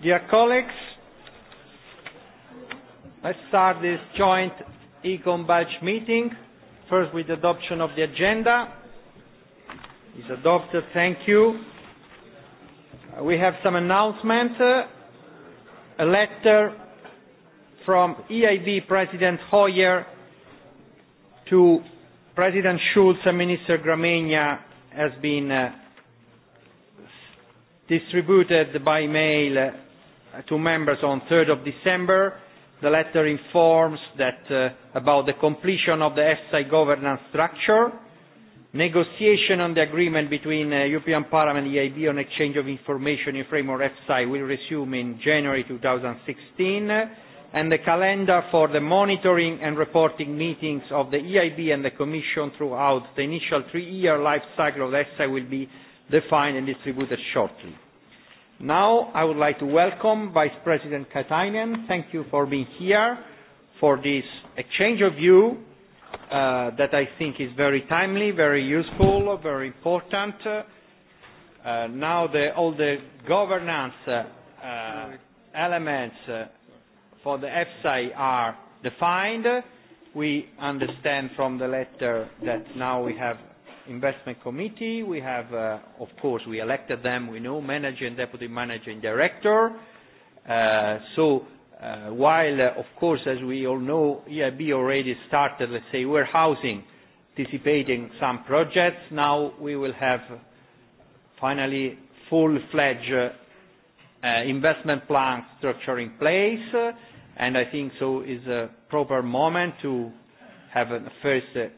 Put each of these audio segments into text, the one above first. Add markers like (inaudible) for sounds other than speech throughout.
Dear colleagues, let's start this joint Econ Budge meeting, first with adoption of the agenda. It's adopted, thank you. Uh, we have some announcements. Uh, a letter from EIB President Hoyer to President Schulz and Minister Gramegna has been uh, distributed by mail to members on 3rd of December. The letter informs that uh, about the completion of the EFSA governance structure, negotiation on the agreement between uh, European Parliament and EIB e on exchange of information in framework EFSA will resume in January 2016, and the calendar for the monitoring and reporting meetings of the EIB and the Commission throughout the initial three-year life cycle of EFSA will be defined and distributed shortly. Now, I would like to welcome Vice President Katainen. Thank you for being here for this exchange of view uh, that I think is very timely, very useful, very important. Uh, now the all the governance uh, elements for the IFSI are defined. We understand from the letter that now we have investment committee. We have, uh, of course, we elected them, we know, manager and deputy managing director. Uh, so, uh, while, uh, of course, as we all know, EIB already started, let's say, warehousing, anticipating some projects, now we will have finally full-fledged uh, uh, investment plan structure in place, uh, and I think so is a proper moment to have a first uh,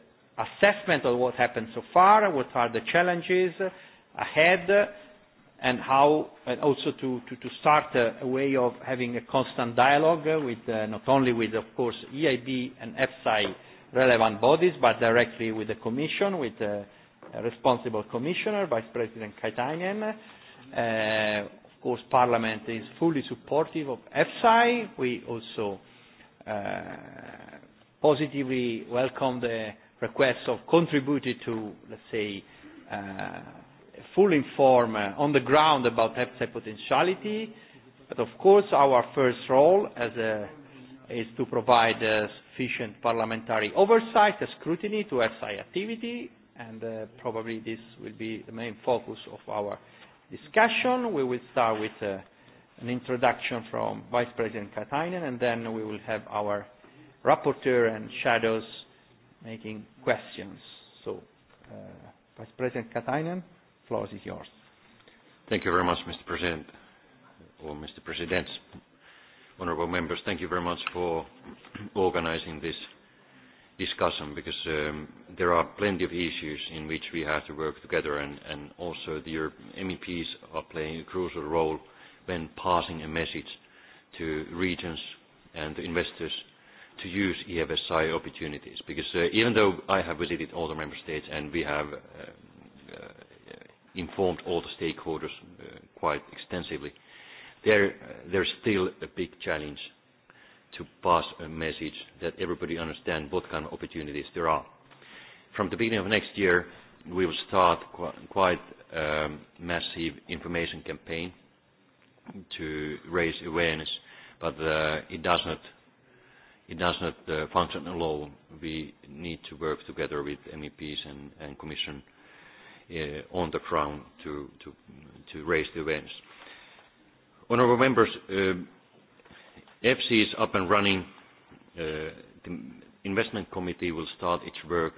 assessment of what happened so far, what are the challenges ahead, and how also to start a way of having a constant dialogue with uh, not only with, of course, EIB and EFSI relevant bodies, but directly with the commission, with the uh, responsible commissioner, Vice President Katainen. Uh, of course, parliament is fully supportive of EFSI. We also positively welcome the requests of contributed to, let's say, uh, full inform uh, on the ground about EPSA potentiality. But of course, our first role as a, is to provide uh, sufficient parliamentary oversight, a scrutiny to EPSA activity, and uh, probably this will be the main focus of our discussion. We will start with uh, an introduction from Vice President Katainen, and then we will have our rapporteur and shadows making questions. So, uh, Vice President Katainen, floor is yours. Thank you very much, Mr. President, or Mr. President, honorable members. Thank you very much for (clears throat) organizing this discussion because um, there are plenty of issues in which we have to work together and, and also the Europe MEPs are playing a crucial role when passing a message to regions and the investors to use EFSI opportunities? Because uh, even though I have visited all the member states and we have uh, uh, informed all the stakeholders uh, quite extensively, there uh, there's still a big challenge to pass a message that everybody understands what kind of opportunities there are. From the beginning of next year, we will start qu quite a um, massive information campaign to raise awareness, but uh, it does not it does not uh, function alone. We need to work together with MEPs and Commission uh, on the ground to raise the awareness. Honorable members, EPSI uh, is up and running. The investment committee will start its work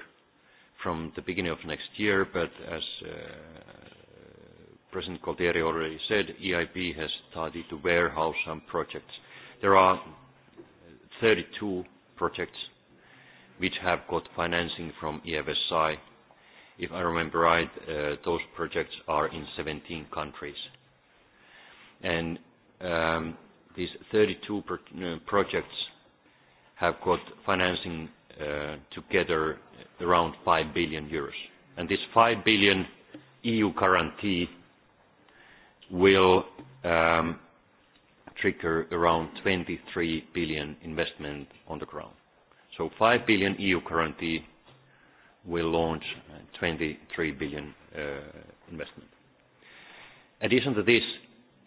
from the beginning of next year, but as President Gualtieri already said, EIB has started to warehouse some projects. There are 32 projects which have got financing from EFSI. If I remember right, uh, those projects are in 17 countries. Um, these 32 uh, projects have got financing uh, together around 5 billion euros. This 5 billion EU guarantee will um, trigger around 23 billion investment on the ground. 5 billion EU guarantee will launch 23 uh, billion uh, investment. Addition to this,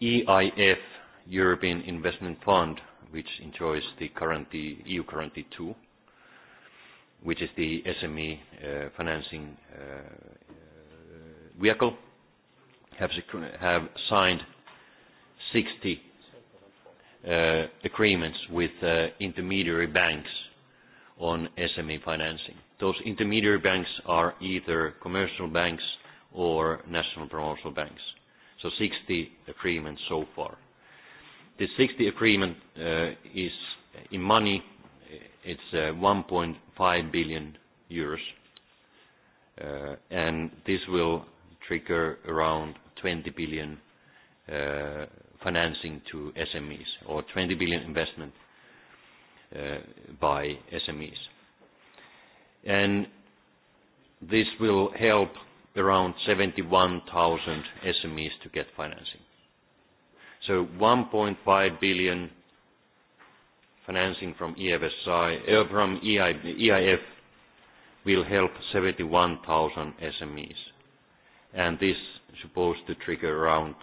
EIF, European Investment Fund, which enjoys the guarantee, EU Guarantee II, which is the SME uh, financing vehicle, have signed 60 Uh, agreements with uh, intermediary banks on SME financing. Those intermediary banks are either commercial banks or national promotional banks. 60 agreements so far. The 60 agreement uh, is in money, it's 1.5 billion euros, and this will trigger around 20 billion financing to SMEs or 20 billion investment uh, by SMEs. This will help around 71,000 SMEs to get financing. 1.5 billion financing from EIF uh, e e will help 71,000 SMEs, and this is supposed to trigger around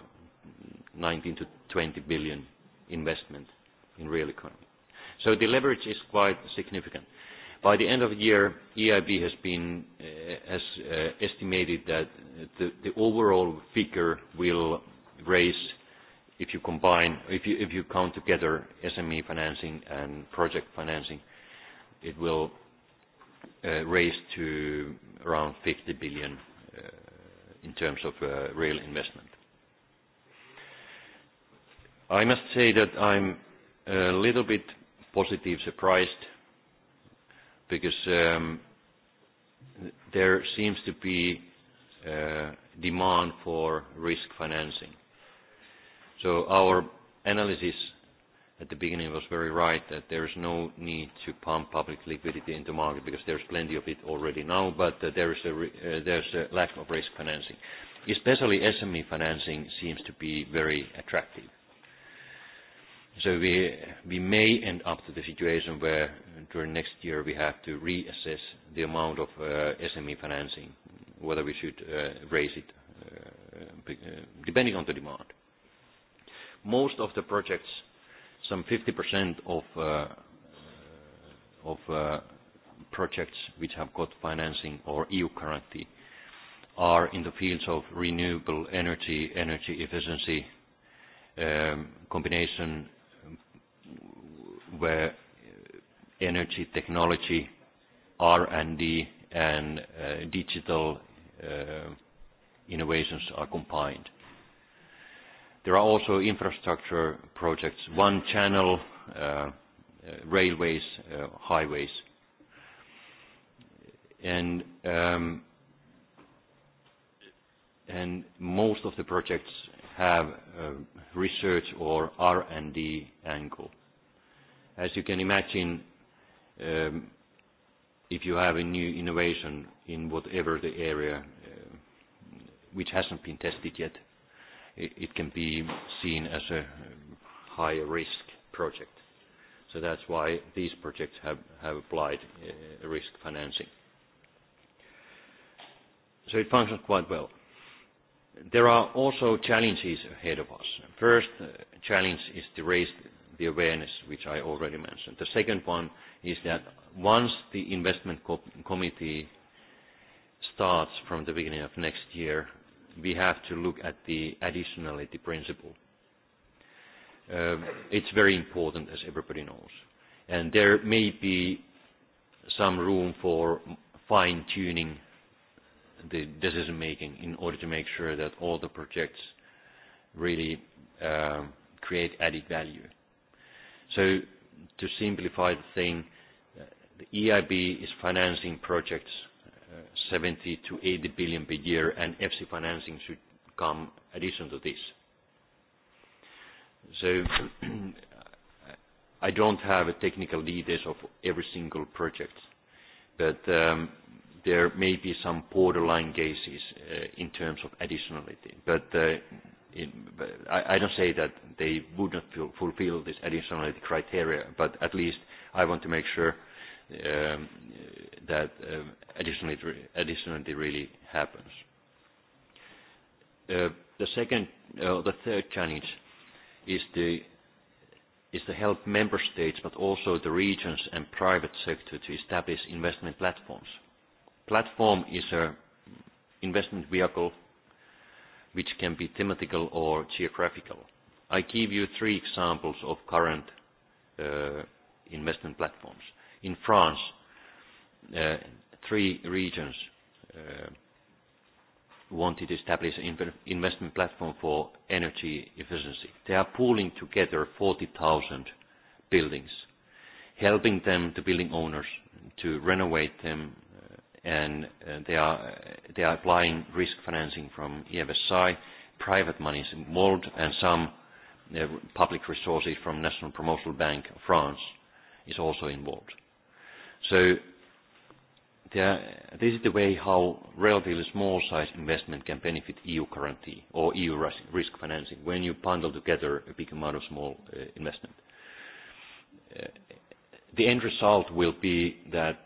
19 billion-20 billion investment in real economy. The leverage is quite significant. By the end of the year, EIB has uh, uh, estimated that the overall figure will raise, if you count together SME financing and project financing, it will uh, raise to around 50 billion in terms of real investment. I must say that I'm a little bit positive surprised because um, there seems to be uh, demand for risk financing. Our analysis at the beginning was very right that there is no need to pump public liquidity into market because there's plenty of it already now, but uh, there's a lack of risk financing. Especially SME financing seems to be very attractive. We may end up to the situation where during next year we have to reassess the amount of uh, SME financing, whether we should uh, raise it uh, depending on the demand. Most of the projects, some 50% of projects which have got financing or EU guarantee are in the fields of renewable energy efficiency, um, combination where uh, energy technology, R&D, and uh, digital uh, innovations are combined. There are also infrastructure projects, one channel, railways, highways. Um, most of the projects have a research or R&D angle as you can imagine, um, if you have a new innovation in whatever the area uh, which hasn't been tested yet, it, it can be seen as a higher risk project. So that's why these projects have, have applied uh, risk financing. So it functions quite well. There are also challenges ahead of us. First uh, challenge is the raised the awareness, which I already mentioned. The second one is that once the investment committee starts from the beginning of next year, we have to look at the additionality principle. Uh, it's very important, as everybody knows. There may be some room for fine-tuning the decision-making in order to make sure that all the projects really uh, create added value. To simplify the thing, uh, the EIB is financing projects 70 uh, billion-80 billion per year, and FC financing should come addition to this. (clears throat) I don't have technical details of every single project, but um, there may be some borderline cases uh, in terms of additionality. I don't say that they would not fulfill this additionality criteria, but at least I want to make sure um, that um, additionality really happens. Uh, the second, uh, the third challenge is to help member states, but also the regions and private sector to establish investment platforms. Platform is an investment vehicle which can be thematical or geographical. I give you three examples of current uh, investment platforms. In France, uh, three regions uh, wanted to establish an investment platform for energy efficiency. They are pooling together 40,000 buildings, helping them, the building owners, to renovate them and uh, they are applying risk financing from EFSI, private money from MOLD, and some uh, public resources from National Promotional Bank of France is also involved. This is the way how relatively small-sized investment can benefit EU guarantee or EU risk financing when you bundle together a big amount of small uh, investment. The end result will be that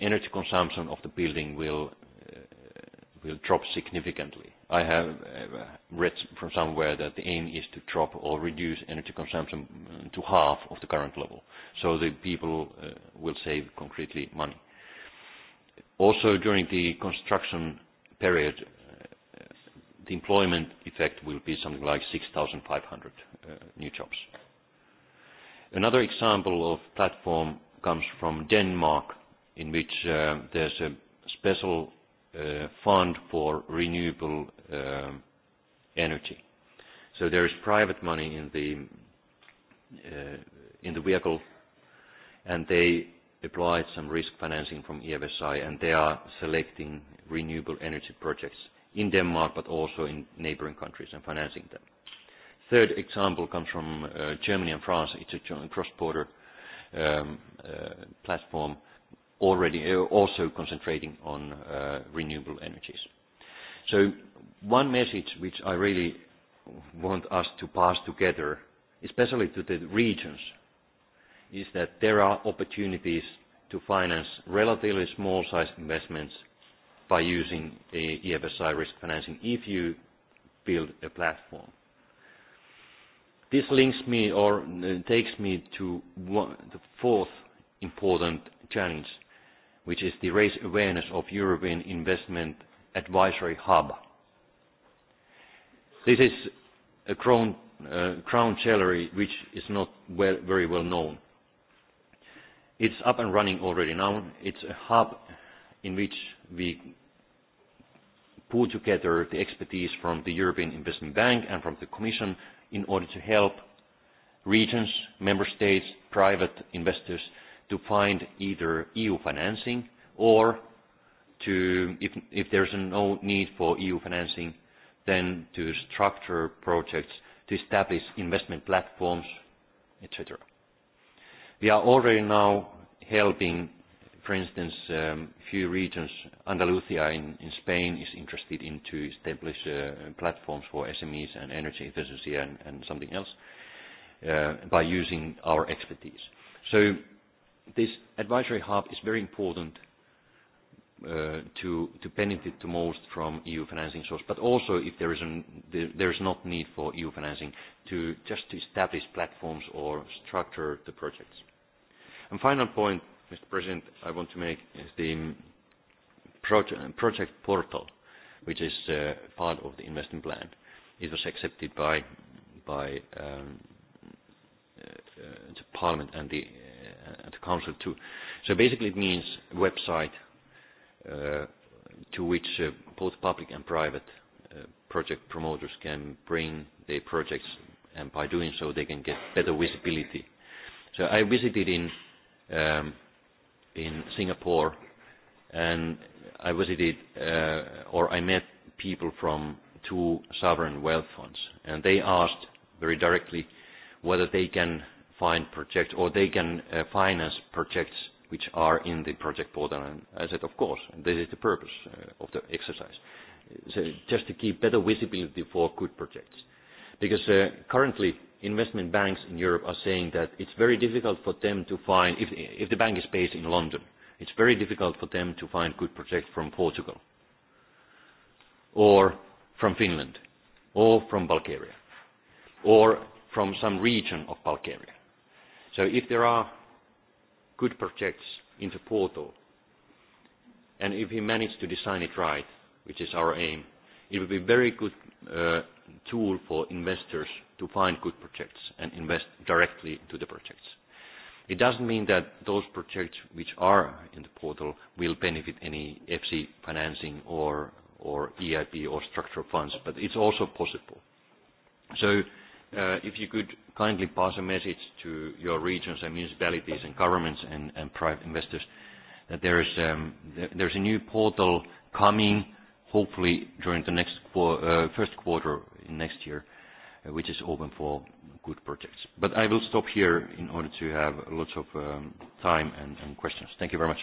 energy consumption of the building will uh, drop significantly. I have uh, read from somewhere that the aim is to drop or reduce energy consumption mm, to half of the current level. The people uh, will save concretely money. Also, during the construction period, the employment effect will be something like 6,500 new jobs. Another example of platform comes from Denmark, in which uh, there's a special uh, fund for renewable um, energy. There is private money uh, in the vehicle, and they applied some risk financing from EFSI, and they are selecting renewable energy projects in Denmark, but also in neighboring countries and financing them. Third example comes from Germany and France. It's a cross-border um, platform already uh, also concentrating on uh, renewable energies. One message which I really want us to pass together, especially to the regions, is that there are opportunities to finance relatively small-sized investments by using EFSI e risk financing if you build a platform. This links me or uh, takes me to the fourth important challenge, which is the raise awareness of European Investment Advisory Hub. This is a crown jewelry uh, which is not very well known. It's up and running already now. It's a hub in which we pool together the expertise from the European Investment Bank and from the Commission in order to help regions, member states, private investors to find either EU financing or to, if there's no need for EU financing, then to structure projects, to establish investment platforms, et cetera. We are already now helping, for instance, um, few regions, Andalusia in Spain is interested in to establish uh, platforms for SMEs and energy efficiency and something else uh, by using our expertise this advisory hub is very important uh, to to benefit the most from EU financing source, but also if there is an, there is not need for EU financing to just to establish platforms or structure the projects. And final point, Mr. President, I want to make is the proje project portal, which is uh, part of the investment plan. It was accepted by by um, uh, uh, the Parliament and the Uh, and the council too. So basically, it means a website uh, to which uh, both public and private uh, project promoters can bring their projects, and by doing so, they can get better visibility. So I visited in um, in Singapore, and I visited uh, or I met people from two sovereign wealth funds, and they asked very directly whether they can find projects or they can uh, finance projects which are in the project portal. I said, "Of course, this is the purpose uh, of the exercise." Just to keep better visibility for good projects. Because uh, currently, investment banks in Europe are saying that it's very difficult for them to find if the bank is based in London, it's very difficult for them to find good projects from Portugal or from Finland or from Bulgaria or from some region of Bulgaria. If there are good projects in the portal, and if we manage to design it right, which is our aim, it will be very good uh, tool for investors to find good projects and invest directly to the projects. It doesn't mean that those projects which are in the portal will benefit any FC financing or EIB or structural funds, but it's also possible. Uh, if you could kindly pass a message to your regions and municipalities and governments and private investors that um, there's a new portal coming, hopefully during the uh, first quarter next year, uh, which is open for good projects. I will stop here in order to have lots of um, time and questions. Thank you very much.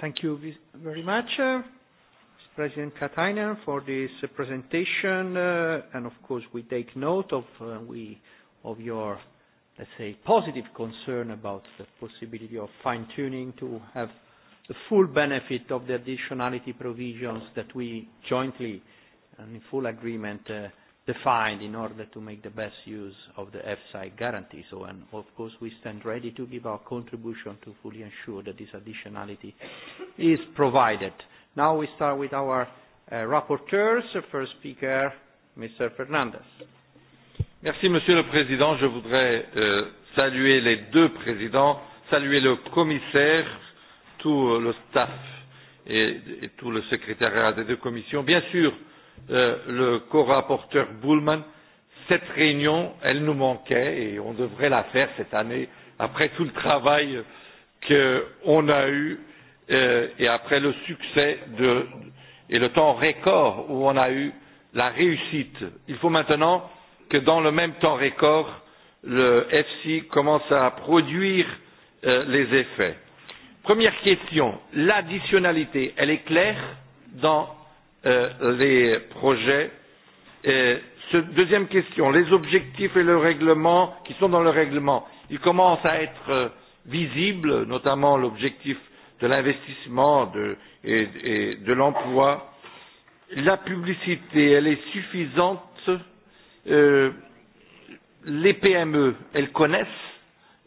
Thank you very much. President Katainen, for this uh, presentation. Uh, of course, we take note uh, of your, let's say, positive concern about the possibility of fine-tuning to have the full benefit of the additionality provisions that we jointly and in full agreement defined in order to make the best use of the FSI guarantee. Of course, we stand ready to give our contribution to fully ensure that this additionality is provided. Now we start with our uh, rapporteurs, first speaker, Mr. Fernandez. Merci, Monsieur le Président. Je voudrais euh, saluer les deux présidents, saluer le commissaire, tout le staff et, et tout le secrétariat des deux commissions. Bien sûr, euh, le co-rapporteur Bullman, cette réunion, elle nous manquait et on devrait la faire cette année après tout le travail qu'on a eu Euh, et après le succès et le temps record où on a eu la réussite il faut maintenant que dans le même temps record le efsi commence à produire euh, les effets. première question l'additionnalité elle est claire dans euh, les projets et ce, deuxième question les objectifs et le règlement qui sont dans le règlement ils commencent à être euh, visibles notamment l'objectif de l'investissement de, et, et de l'emploi. La publicité, elle est suffisante. Euh, les PME, elles connaissent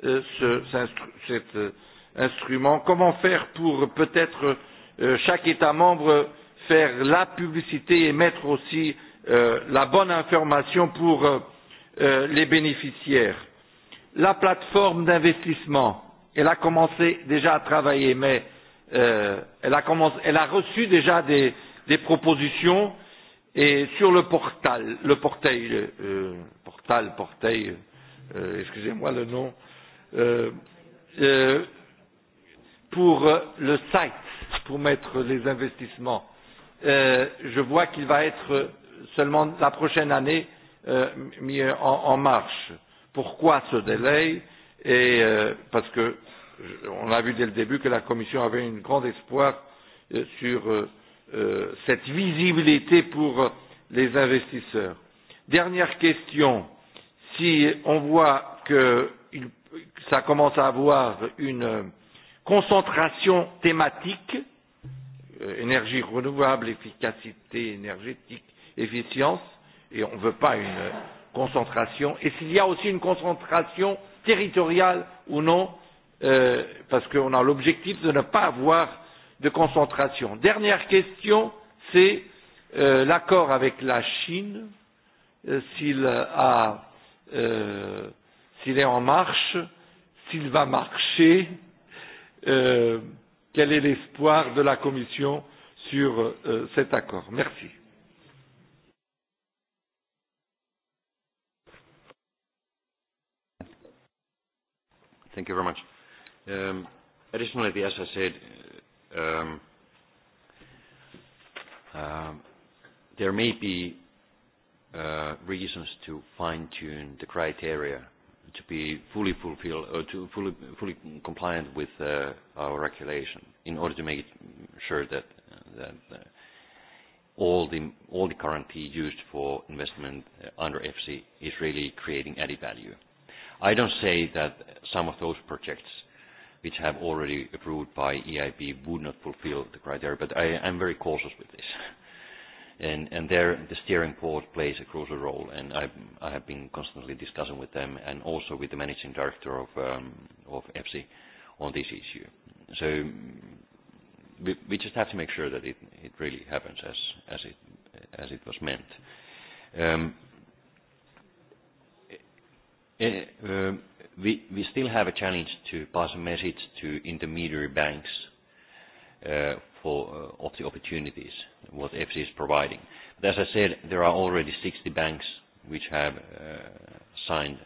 euh, ce, cet, instru cet euh, instrument. Comment faire pour peut-être euh, chaque État membre faire la publicité et mettre aussi euh, la bonne information pour euh, euh les bénéficiaires La plateforme d'investissement. Elle a commencé déjà à travailler, mais euh, elle, a commencé, elle a reçu déjà des, des propositions et sur le portail, le portail, euh, portail, portail, euh, excusez-moi le nom, euh, euh, pour le site, pour mettre les investissements. Euh, je vois qu'il va être seulement la prochaine année euh, mis en, en marche. Pourquoi ce délai et euh, parce que on a vu dès le début que la Commission avait un grand espoir euh, sur euh, euh cette visibilité pour euh, les investisseurs. Dernière question si on voit que il, ça commence à avoir une concentration thématique euh, énergie renouvelable, efficacité énergétique, efficience et on ne veut pas une concentration et s'il y a aussi une concentration territoriale ou non, euh, Euh, parce qu'on a l'objectif de ne pas avoir de concentration. Dernière question, c'est euh, l'accord avec la Chine, euh, s'il euh, est en marche, s'il va marcher, euh, quel est l'espoir de la Commission sur euh, cet accord Merci. Thank you very much. Additionally, as I said, there may be eh, reasons to fine-tune the criteria to be fully compliant with eh, our regulation in order to make sure that all the currency used for investment eh, under EFSI is really creating added value. I don't say that some of those projects which have already approved by EIB would not fulfill the criteria, but I'm very cautious with this. (laughs) There, the steering board plays a crucial role, and I have been constantly discussing with them and also with the managing director of EPSI um, on this issue. We just have to make sure that it really happens as it was meant. Um, eh, eh, um, we still have a challenge to pass a message to intermediary banks uh, uh, of the opportunities what FC is providing. As I said, there are already 60 banks which have uh, signed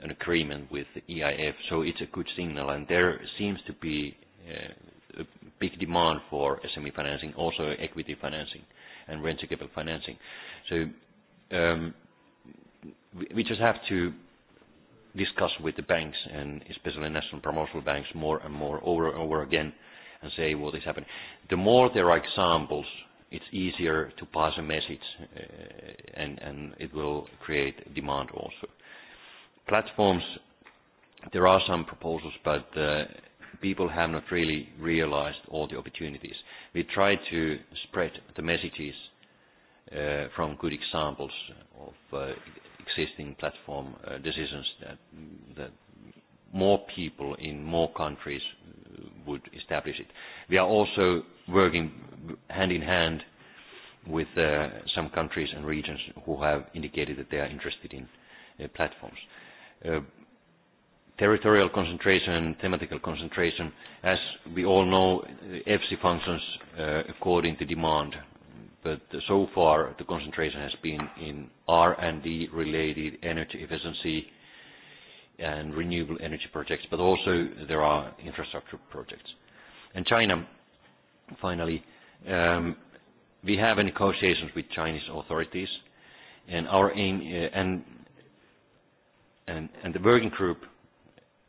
an agreement with the EIF, so it's a good signal, and there seems to be a big demand for SME financing, also equity financing and venture capital financing. Um, we just have to discuss with the banks and especially national promotional banks more and more over and over again and say what is happening. The more there are examples, it's easier to pass a message, uh, and it will create demand also. Platforms, there are some proposals, but uh, people have not really realized all the opportunities. We try to spread the messages uh, from good examples of existing platform uh, decisions that that more people in more countries uh, would establish it. We are also working hand in hand with uh, some countries and regions who have indicated that they are interested in uh, platforms. Uh, territorial concentration and thematical concentration, as we all know, EFSI uh, functions uh, according to demand, So far, the concentration has been in R&D related energy efficiency and renewable energy projects, but also there are infrastructure projects. China, finally, um, we have negotiations with Chinese authorities, and our aim, uh, and the working group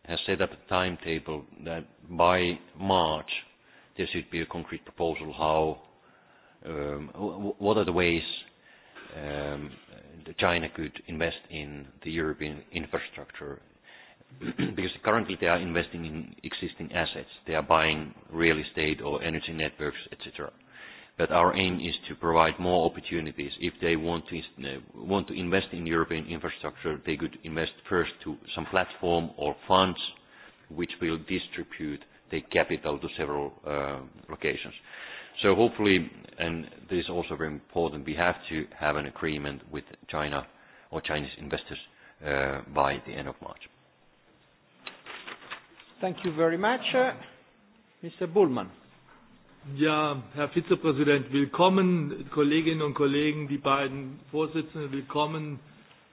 has set up a timetable that by March, there should be a concrete proposal how Um, what are the ways um, China could invest in the European infrastructure? (clears throat) Currently they are investing in existing assets. They are buying real estate or energy networks, et cetera. Our aim is to provide more opportunities. If they uh, want to invest in European infrastructure, they could invest first to some platform or funds which will distribute the capital to several uh, locations. Hopefully, and this is also very important, we have to have an agreement with China or Chinese investors uh, by the end of March. Thank you very much. Mr. Buhlmann. Yeah. Ja, Herr Vizepräsident, willkommen, Kolleginnen und Kollegen, die beiden Vorsitzenden, willkommen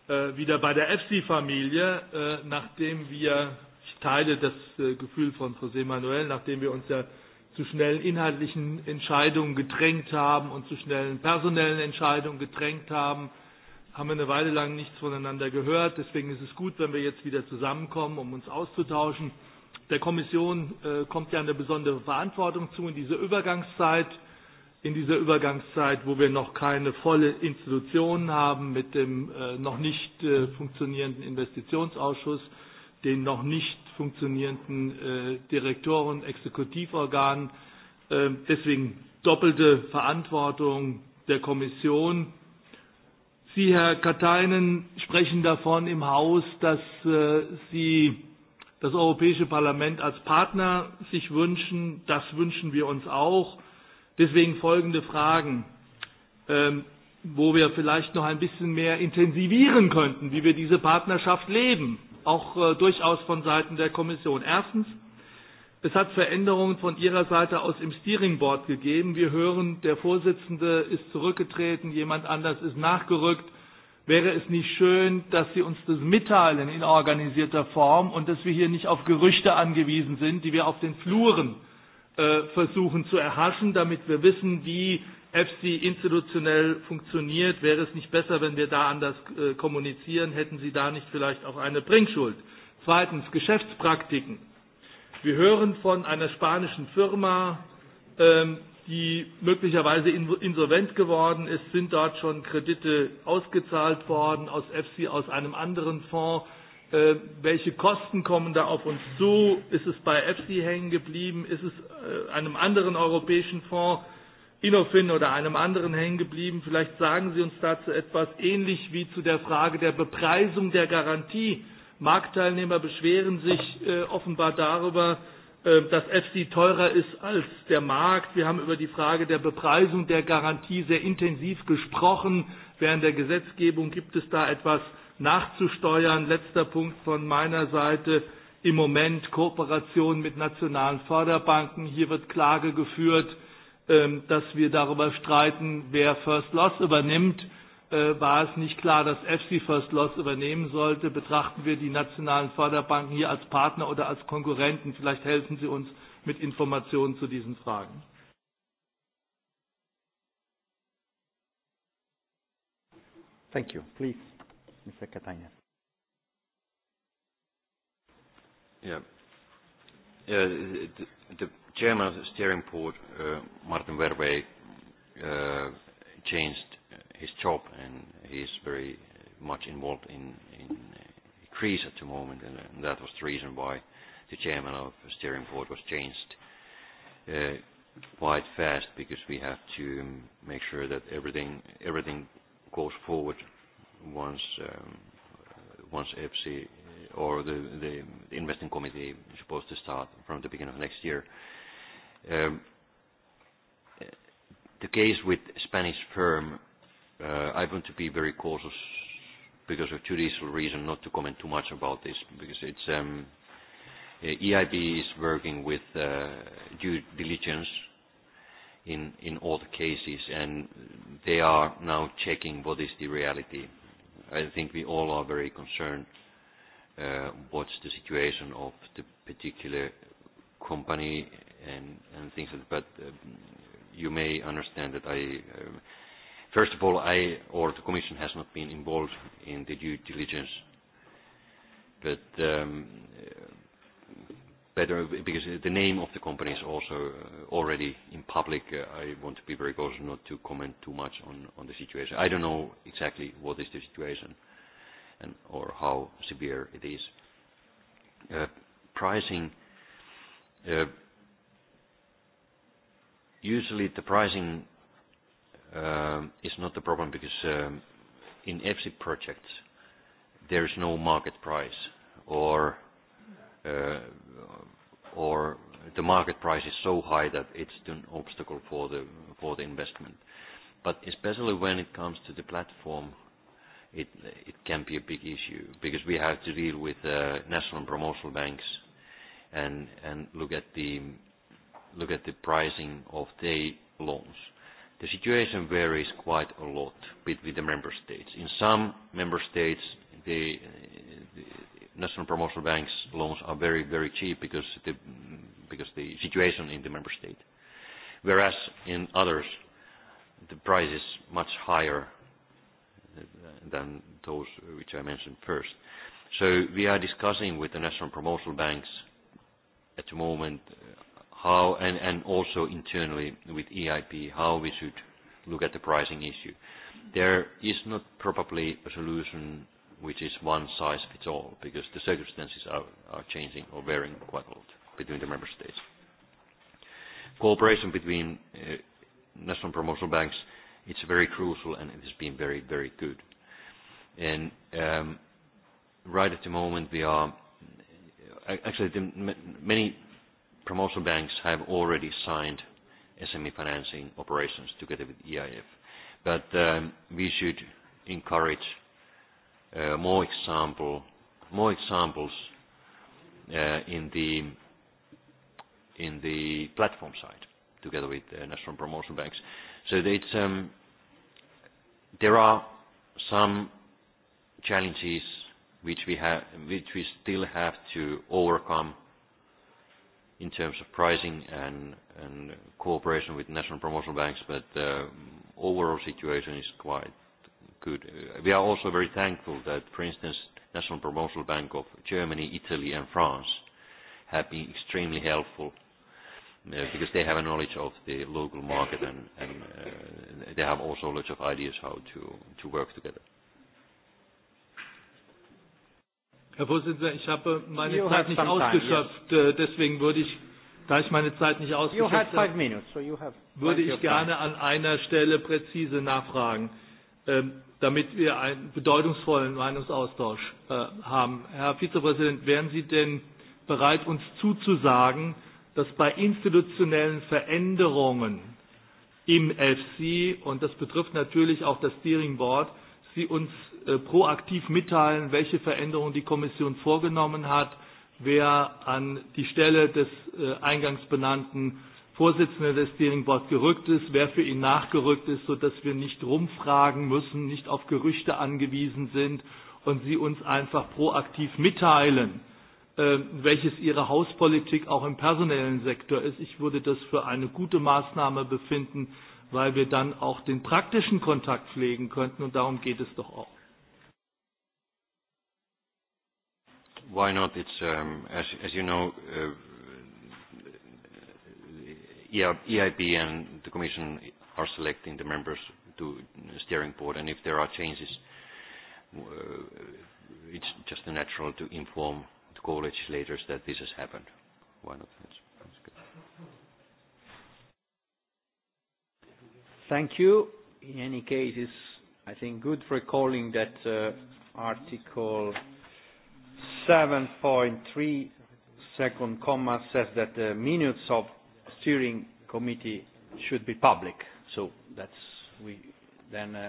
äh, wieder bei der EFSI-Familie. Äh, nachdem wir, ich teile das äh, Gefühl von José Manuel, nachdem wir uns ja zu schnellen inhaltlichen Entscheidungen gedrängt haben und zu schnellen personellen Entscheidungen gedrängt haben, haben wir eine Weile lang nichts voneinander gehört. Deswegen ist es gut, wenn wir jetzt wieder zusammenkommen, um uns auszutauschen. Der Kommission äh, kommt ja eine besondere Verantwortung zu in dieser Übergangszeit, in dieser Übergangszeit, wo wir noch keine volle Institution haben mit dem äh, noch nicht äh, funktionierenden Investitionsausschuss, den noch nicht funktionierenden äh, Direktoren, Exekutivorganen. Äh, deswegen doppelte Verantwortung der Kommission. Sie, Herr Kateinen, sprechen davon im Haus, dass äh, Sie das Europäische Parlament als Partner sich wünschen. Das wünschen wir uns auch. Deswegen folgende Fragen, ähm, wo wir vielleicht noch ein bisschen mehr intensivieren könnten, wie wir diese Partnerschaft leben auch äh, durchaus von Seiten der Kommission. Erstens, es hat Veränderungen von Ihrer Seite aus im Steering Board gegeben. Wir hören, der Vorsitzende ist zurückgetreten, jemand anders ist nachgerückt. Wäre es nicht schön, dass Sie uns das mitteilen in organisierter Form und dass wir hier nicht auf Gerüchte angewiesen sind, die wir auf den Fluren äh, versuchen zu erhaschen, damit wir wissen, wie EFSI institutionell funktioniert, wäre es nicht besser, wenn wir da anders äh, kommunizieren, hätten Sie da nicht vielleicht auch eine Bringschuld. Zweitens Geschäftspraktiken. Wir hören von einer spanischen Firma, ähm, die möglicherweise insolvent geworden ist, sind dort schon Kredite ausgezahlt worden aus EFSI, aus einem anderen Fonds. Äh, welche Kosten kommen da auf uns zu? Ist es bei EFSI hängen geblieben? Ist es äh, einem anderen europäischen Fonds? Innofin oder einem anderen hängen geblieben. Vielleicht sagen Sie uns dazu etwas ähnlich wie zu der Frage der Bepreisung der Garantie. Marktteilnehmer beschweren sich äh, offenbar darüber, äh, dass FC teurer ist als der Markt. Wir haben über die Frage der Bepreisung der Garantie sehr intensiv gesprochen. Während der Gesetzgebung gibt es da etwas nachzusteuern. Letzter Punkt von meiner Seite im Moment Kooperation mit nationalen Förderbanken. Hier wird Klage geführt. Ähm, dass wir darüber streiten, wer First Loss übernimmt. Äh, war es nicht klar, dass FC First Loss übernehmen sollte? Betrachten wir die nationalen Förderbanken hier als Partner oder als Konkurrenten? Vielleicht helfen Sie uns mit Informationen zu diesen Fragen. Thank you. Please, Mr. Catania. Yeah. Uh, the, the chairman of the steering board, uh, Martin Verwey, uh, changed his job and he is very much involved in, in Greece uh, at the moment and, and that was the reason why the chairman of the steering board was changed uh, quite fast because we have to make sure that everything, everything goes forward once, um, once EPSI or the investing committee is supposed to start from the beginning of next year. Um, the case with Spanish firm, uh, I want to be very cautious because of judicial reason not to comment too much about this, because um, uh, EIB is working with uh, due diligence in all the cases, and they are now checking what is the reality. I think we all are very concerned Uh, what's the situation of the particular company and, and things like that. But um, you may understand that I, um, first of all, I or the Commission has not been involved in the due diligence. But um, better, because the name of the company is also uh, already in public, uh, I want to be very cautious not to comment too much on, on the situation. I don't know exactly what is the situation or how severe it is. Uh, pricing. Uh, usually the pricing uh, is not a problem because um, in EPCI projects, there is no market price or the market price is so high that it's an obstacle for the investment. Especially when it comes to the platform it can be a big issue because we have to deal with uh, national and promotional banks and look at the pricing of their loans. The situation varies quite a lot between the member states. In some member states, the national promotional banks loans are very cheap because the situation in the member state. Whereas in others, the price is much higher than those which I mentioned first. We are discussing with the national promotional banks at the moment uh, how, and also internally with EIP, how we should look at the pricing issue. There is not probably a solution which is one size fits all, because the circumstances are changing or varying quite a lot between the member states. Cooperation between uh, national promotional banks, it's very crucial, and it has been very good and um, right at the moment we are actually the, many promotional banks have already signed SME financing operations together with EIF but um, we should encourage uh, more example more examples uh, in the in the platform side together with the uh, national promotional banks so it's um, there are some challenges which we still have to overcome in terms of pricing and cooperation with national promotional banks, but the uh, overall situation is quite good. We are also very thankful that, for instance, National Promotional Bank of Germany, Italy, and France have been extremely helpful uh, because they have a knowledge of the local market, and uh, they have also lots of ideas how to work together. Herr Vorsitzender, ich habe meine you Zeit nicht ausgeschöpft. Time, yes. Äh, deswegen würde ich, da ich meine Zeit nicht ausgeschöpft habe, minutes, so würde ich gerne an einer Stelle präzise nachfragen, ähm, damit wir einen bedeutungsvollen Meinungsaustausch äh, haben. Herr Vizepräsident, wären Sie denn bereit, uns zuzusagen, dass bei institutionellen Veränderungen im FC und das betrifft natürlich auch das Steering Board, Sie uns Äh, proaktiv mitteilen, welche Veränderungen die Kommission vorgenommen hat, wer an die Stelle des äh, eingangs benannten Vorsitzenden des Steering Board gerückt ist, wer für ihn nachgerückt ist, sodass wir nicht rumfragen müssen, nicht auf Gerüchte angewiesen sind und sie uns einfach proaktiv mitteilen, äh, welches ihre Hauspolitik auch im personellen Sektor ist. Ich würde das für eine gute Maßnahme befinden, weil wir dann auch den praktischen Kontakt pflegen könnten, und darum geht es doch auch. Why not? It's, um, as, as you know, uh, EIB e and the Commission are selecting the members to the steering board, and if there are changes, uh, it's just natural to inform the co-legislators that this has happened. Why not? That's, that's good. Thank you. In any case, it's, I think, good recalling that uh, article... 7.3, second comma, says that the minutes of steering committee should be public. Uh, uh,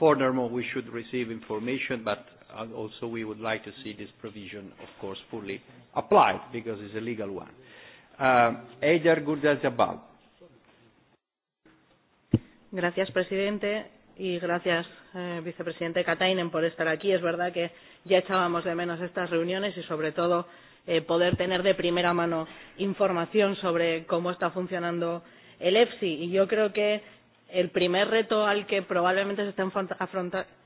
furthermore, we should receive information, but uh, also we would like to see this provision, of course, fully applied because it's a legal one. Eider Gudelj-Abaud. Gracias, presidente y gracias, eh, vicepresidente Katainen, por estar aquí. Es verdad que ya echábamos de menos estas reuniones y, sobre todo, eh, poder tener de primera mano información sobre cómo está funcionando el EFSI. Y yo creo que el primer reto al que probablemente se está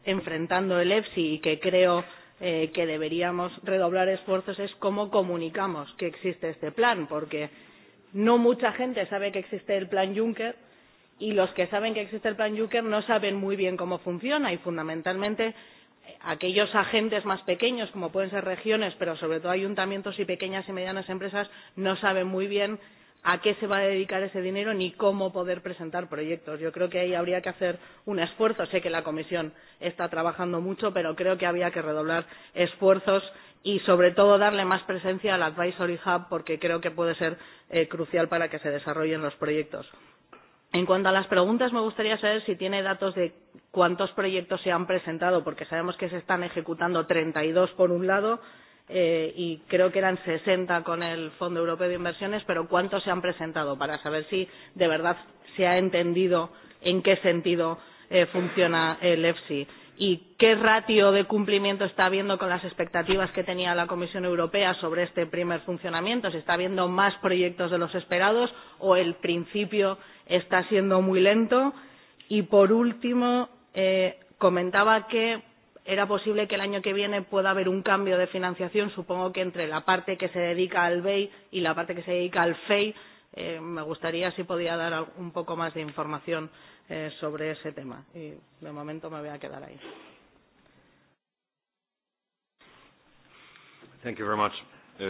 enfrentando el EFSI y que creo eh, que deberíamos redoblar esfuerzos es cómo comunicamos que existe este plan, porque no mucha gente sabe que existe el plan Juncker y los que saben que existe el plan Juncker no saben muy bien cómo funciona y fundamentalmente eh, aquellos agentes más pequeños, como pueden ser regiones, pero sobre todo ayuntamientos y pequeñas y medianas empresas, no saben muy bien a qué se va a dedicar ese dinero ni cómo poder presentar proyectos. Yo creo que ahí habría que hacer un esfuerzo. Sé que la Comisión está trabajando mucho, pero creo que había que redoblar esfuerzos y, sobre todo, darle más presencia al Advisory Hub, porque creo que puede ser eh, crucial para que se desarrollen los proyectos. En cuanto a las preguntas, me gustaría saber si tiene datos de cuántos proyectos se han presentado, porque sabemos que se están ejecutando 32 por un lado eh, y creo que eran 60 con el Fondo Europeo de Inversiones, pero cuántos se han presentado para saber si de verdad se ha entendido en qué sentido eh, funciona el EFSI y qué ratio de cumplimiento está habiendo con las expectativas que tenía la Comisión Europea sobre este primer funcionamiento, si está habiendo más proyectos de los esperados o el principio está siendo muy lento. Y por último, eh, comentaba que era posible que el año que viene pueda haber un cambio de financiación. Supongo que entre la parte que se dedica al BEI y la parte que se dedica al FEI, eh, me gustaría si podía dar un poco más de información eh, sobre ese tema. Y de momento me voy a quedar ahí. Thank you very much. Uh,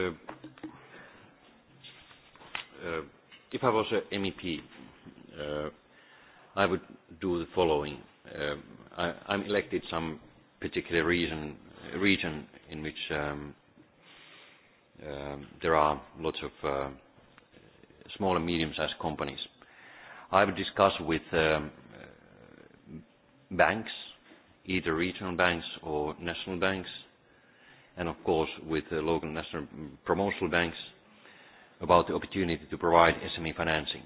uh, if I was an MEP, uh, I would do the following. Uh, I, I'm elected some particular reason, region in which um, uh, there are lots of uh, small and medium-sized companies. I would discuss with um, banks, either regional banks or national banks, and of course with the local national promotional banks about the opportunity to provide SME financing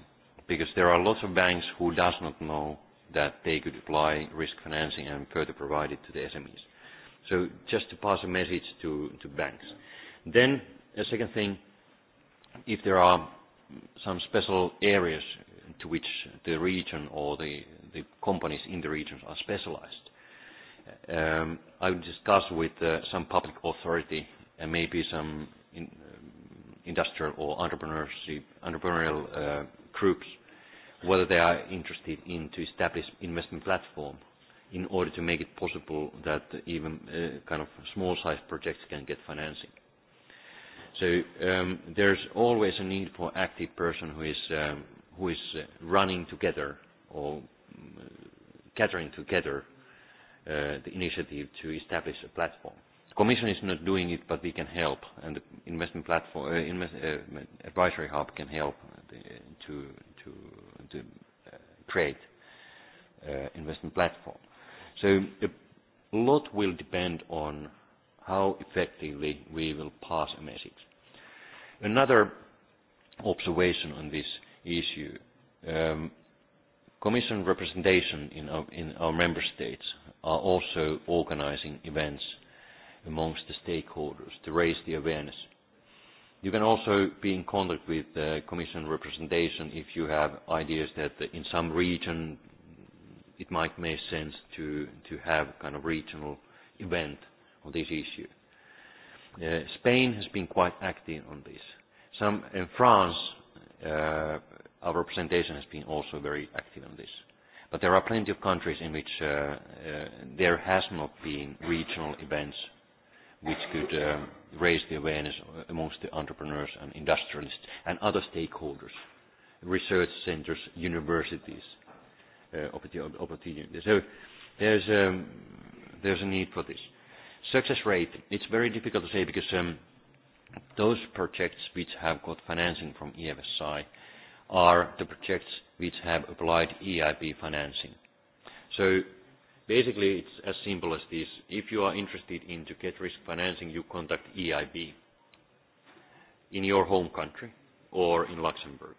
because there are lots of banks who does not know that they could apply risk financing and further provide it to the SMEs. Just to pass a message to banks. A second thing, if there are some special areas to which the region or the companies in the regions are specialized, um, I would discuss with uh, some public authority and maybe some um, industrial or entrepreneurial uh, groups, whether they are interested in to establish investment platform in order to make it possible that even uh, kind of small-sized projects can get financing. Um, there's always a need for active person who is um, uh, running together or mm, gathering together uh, the initiative to establish a platform. Commission is not doing it, but we can help, and the investment platform, uh, invest, uh, advisory hub can help uh, to to to uh, create uh, investment platform. So a lot will depend on how effectively we will pass a message. Another observation on this issue: um, Commission representation in our, in our member states are also organising events amongst the stakeholders to raise the awareness. You can also be in contact with the commission representation if you have ideas that in some region it might make sense to, to have kind of regional event on this issue. Uh, Spain has been quite active on this. Some, in France, uh, our representation has been also very active on this. But there are plenty of countries in which uh, uh, there has not been regional events which could um, raise the awareness amongst the entrepreneurs and industrialists and other stakeholders, research centers, universities, uh, opportunities. Um, there's a need for this. Success rate, it's very difficult to say because um, those projects which have got financing from EFSI are the projects which have applied EIB financing. Basically, it's as simple as this. If you are interested in to get risk financing, you contact EIB in your home country or in Luxembourg.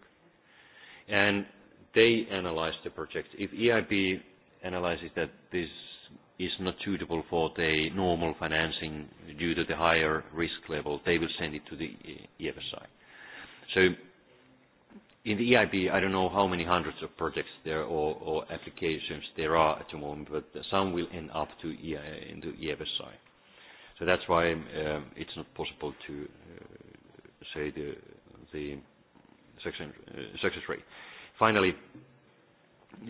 They analyze the project. If EIB analyzes that this is not suitable for the normal financing due to the higher risk level, they will send it to the EFSI. In the EIB, I don't know how many hundreds of projects there or applications there are at the moment, but some will end up e into EFSI. That's why um, it's not possible to uh, say the uh, success rate. Finally,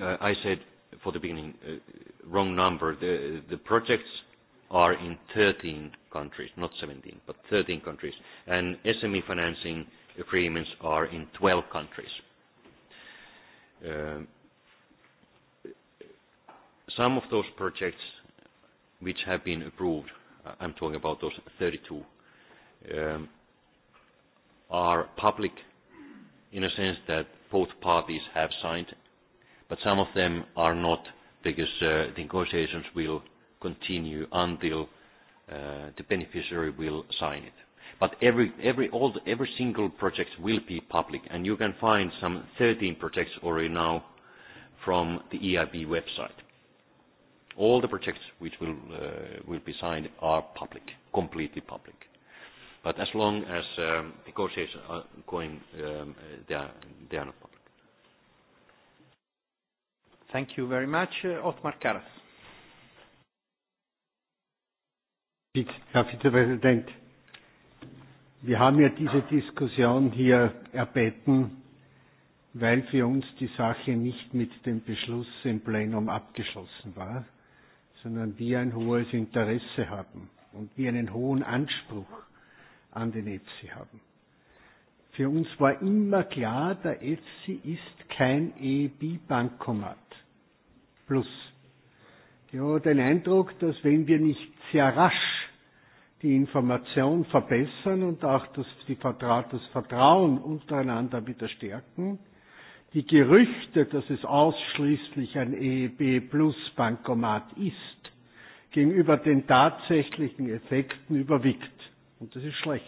uh, I said for the beginning, wrong number. The projects are in 13 countries, not 17, but 13 countries. SME financing agreements are in 12 countries. Um, some of those projects which have been approved, uh, I'm talking about those 32, um, are public in a sense that both parties have signed, but some of them are not because the uh, negotiations will continue until uh, the beneficiary will sign it. Every single project will be public, and you can find some 13 projects already now from the EIB website. All the projects which uh, will be signed are public, completely public. As long as um, negotiations are going, um, they are not public. Thank you very much. Uh, Othmar Karas. It's Herr Vizepräsident. Wir haben ja diese Diskussion hier erbeten, weil für uns die Sache nicht mit dem Beschluss im Plenum abgeschlossen war, sondern wir ein hohes Interesse haben und wir einen hohen Anspruch an den EFSI haben. Für uns war immer klar, der EFSI ist kein EB-Bankomat. Plus. Ich ja, habe den Eindruck, dass wenn wir nicht sehr rasch die Information verbessern und auch das, die Vertra das Vertrauen untereinander wieder stärken. Die Gerüchte, dass es ausschließlich ein EEB Plus Bankomat ist, gegenüber den tatsächlichen Effekten überwiegt. Und das ist schlecht.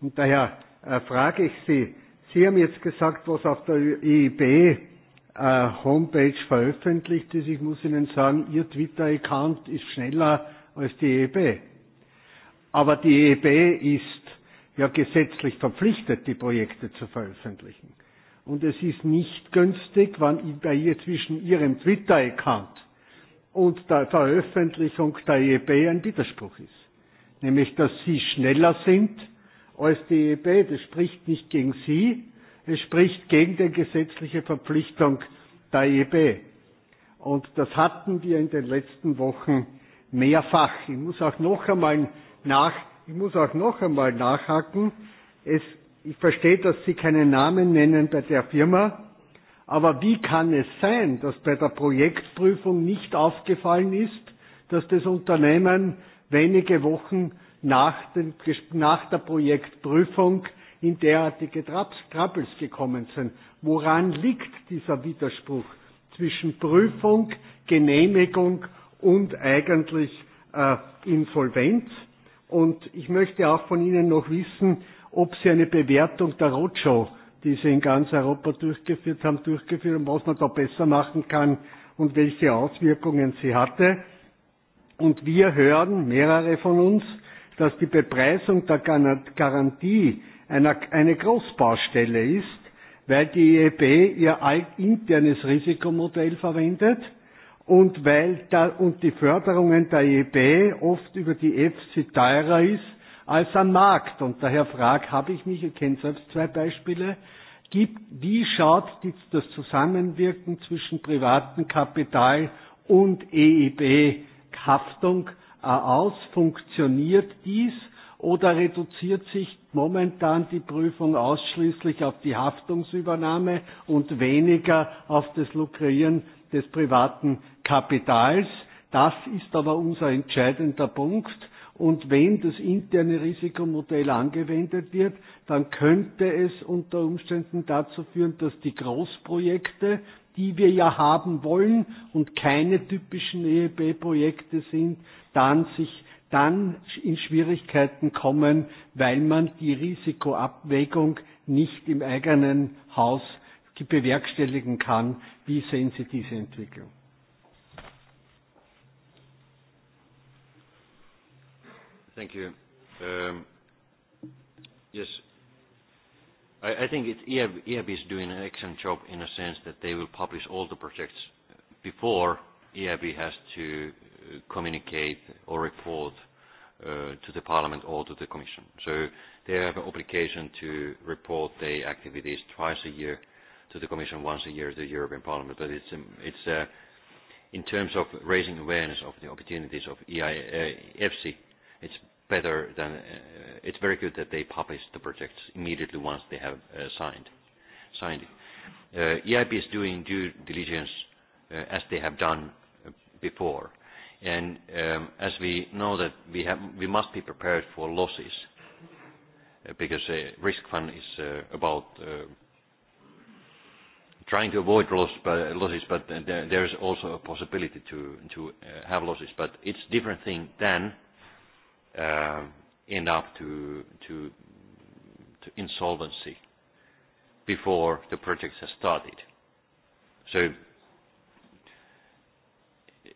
Und daher äh, frage ich Sie, Sie haben jetzt gesagt, was auf der EEB äh, Homepage veröffentlicht ist. Ich muss Ihnen sagen, Ihr Twitter-Account ist schneller als die EEB. Aber die EEB ist ja gesetzlich verpflichtet, die Projekte zu veröffentlichen. Und es ist nicht günstig, wann bei ihr zwischen ihrem Twitter-Account und der Veröffentlichung der EEB ein Widerspruch ist. Nämlich, dass sie schneller sind als die EEB. Das spricht nicht gegen sie, es spricht gegen die gesetzliche Verpflichtung der EEB. Und das hatten wir in den letzten Wochen mehrfach. Ich muss auch noch einmal nach. Ich muss auch noch einmal nachhaken. Es, ich verstehe, dass Sie keinen Namen nennen bei der Firma. Aber wie kann es sein, dass bei der Projektprüfung nicht aufgefallen ist, dass das Unternehmen wenige Wochen nach, den, nach der Projektprüfung in derartige Troubles gekommen sind? Woran liegt dieser Widerspruch zwischen Prüfung, Genehmigung und eigentlich äh, Insolvenz? Und ich möchte auch von Ihnen noch wissen, ob Sie eine Bewertung der Roadshow, die Sie in ganz Europa durchgeführt haben, durchgeführt haben, was man da besser machen kann und welche Auswirkungen sie hatte. Und wir hören, mehrere von uns, dass die Bepreisung der Garantie einer, eine Großbaustelle ist, weil die EEB ihr internes Risikomodell verwendet und weil da und die Förderungen der EIB oft über die EFSI teurer ist als am Markt. Und daher frage habe ich mich, ihr kennt selbst zwei Beispiele, gibt, wie schaut die, das Zusammenwirken zwischen privatem Kapital und EIB-Haftung äh, aus? Funktioniert dies oder reduziert sich momentan die Prüfung ausschließlich auf die Haftungsübernahme und weniger auf das Lukrieren des privaten Kapitals. Das ist aber unser entscheidender Punkt. Und wenn das interne Risikomodell angewendet wird, dann könnte es unter Umständen dazu führen, dass die Großprojekte, die wir ja haben wollen und keine typischen EEB-Projekte sind, dann sich dann in Schwierigkeiten kommen, weil man die Risikoabwägung nicht im eigenen Haus bewerkstelligen kann. Wie sehen Sie diese Entwicklung? Thank you. Um, yes. I think EIB e is doing an excellent job in a sense that they will publish all the projects before EIB has to uh, communicate or report uh, to the parliament or to the commission. They have an obligation to report their activities twice a year to the commission, once a year to the European Parliament. It's um, uh, in terms of raising awareness of the opportunities of EIB, EFSI, it's better than uh, it's very good that they publish the projects immediately once they have uh, signed signed it. Uh, EIB is doing due diligence uh, as they have done uh, before, and um, as we know that we have we must be prepared for losses uh, because a uh, risk fund is uh, about uh, Trying to avoid loss, but, uh, losses, but uh, there is also a possibility to to uh, have losses. But it's different thing than uh, uh, end up to, to, to insolvency before the projects are started. So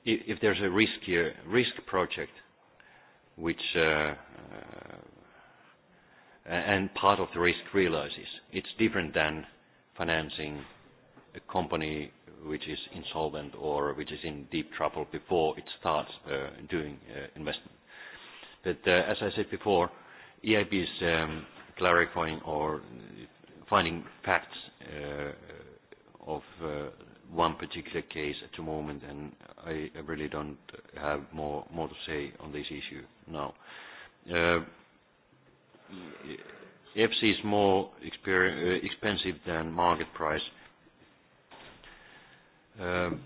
if, if there's a riskier, risk project, which uh, uh, and part of the risk realizes, it's different than financing a company which is insolvent or which is in deep trouble before it starts uh, doing uh, investment. Uh, as I said before, EIB is um, clarifying or finding facts uh, of uh, one particular case at the moment, and I really don't have more to say on this issue now. E FC is more expensive than market price. Um,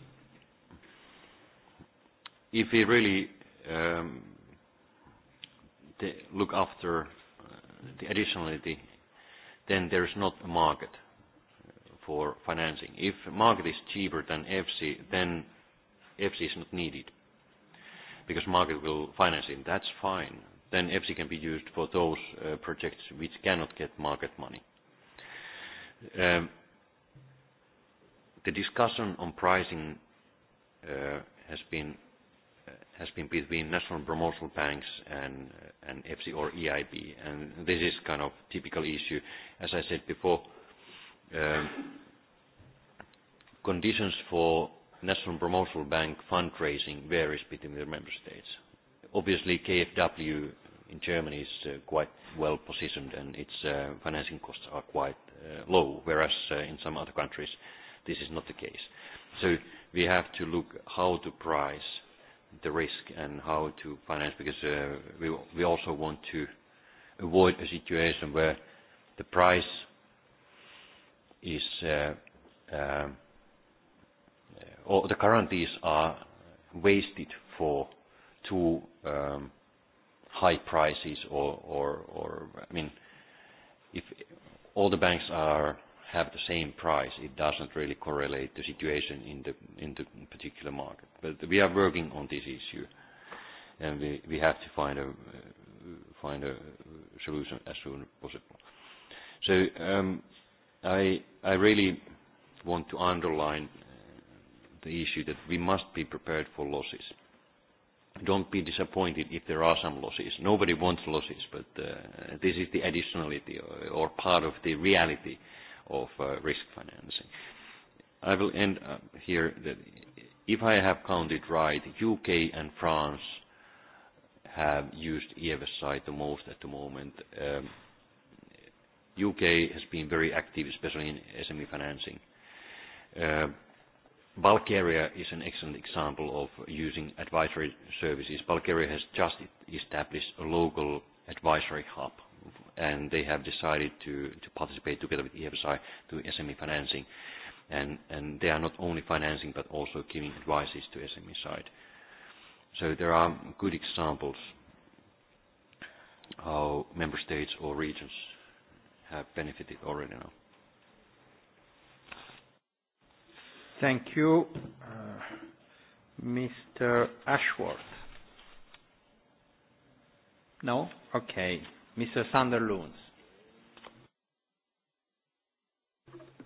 if we really um, look after uh, the additionality, then there is not a market for financing. If market is cheaper than EFSI, then EFSI is not needed because market will finance it. That's fine. Then EFSI can be used for those uh, projects which cannot get market money. Um, the discussion on pricing uh, has been has been between national promotional banks and EPSI or EIB. This is kind of typical issue. As I said before, um, conditions for national promotional bank fundraising varies between the member states. Obviously, KfW in Germany is uh, quite well-positioned, and its uh, financing costs are quite uh, low, whereas in some other countries, this is not the case. We have to look how to price the risk and how to finance, because uh, we also want to avoid a situation where the price is uh, uh, or the guarantees are wasted for too um, high prices or I mean, if all the banks are have the same price, it doesn't really correlate the situation in the particular market. We are working on this issue, and we have to find a solution as soon as possible. Um, I really want to underline uh, the issue that we must be prepared for losses. Don't be disappointed if there are some losses. Nobody wants losses, but uh, this is the additionality or part of the reality of uh, risk financing. I will end here that if I have counted right, U.K. and France have used EFSI the most at the moment. U.K. Um, has been very active, especially in SME financing. Uh, Bulgaria is an excellent example of using advisory services. Bulgaria has just established a local advisory hub and they have decided to participate together with EFSI to SME financing. They are not only financing, but also giving advices to SME side. There are good examples how member states or regions have benefited already now. Thank you. Uh, Mr. Ashworth? No? Okay. Mr. Sander Loons.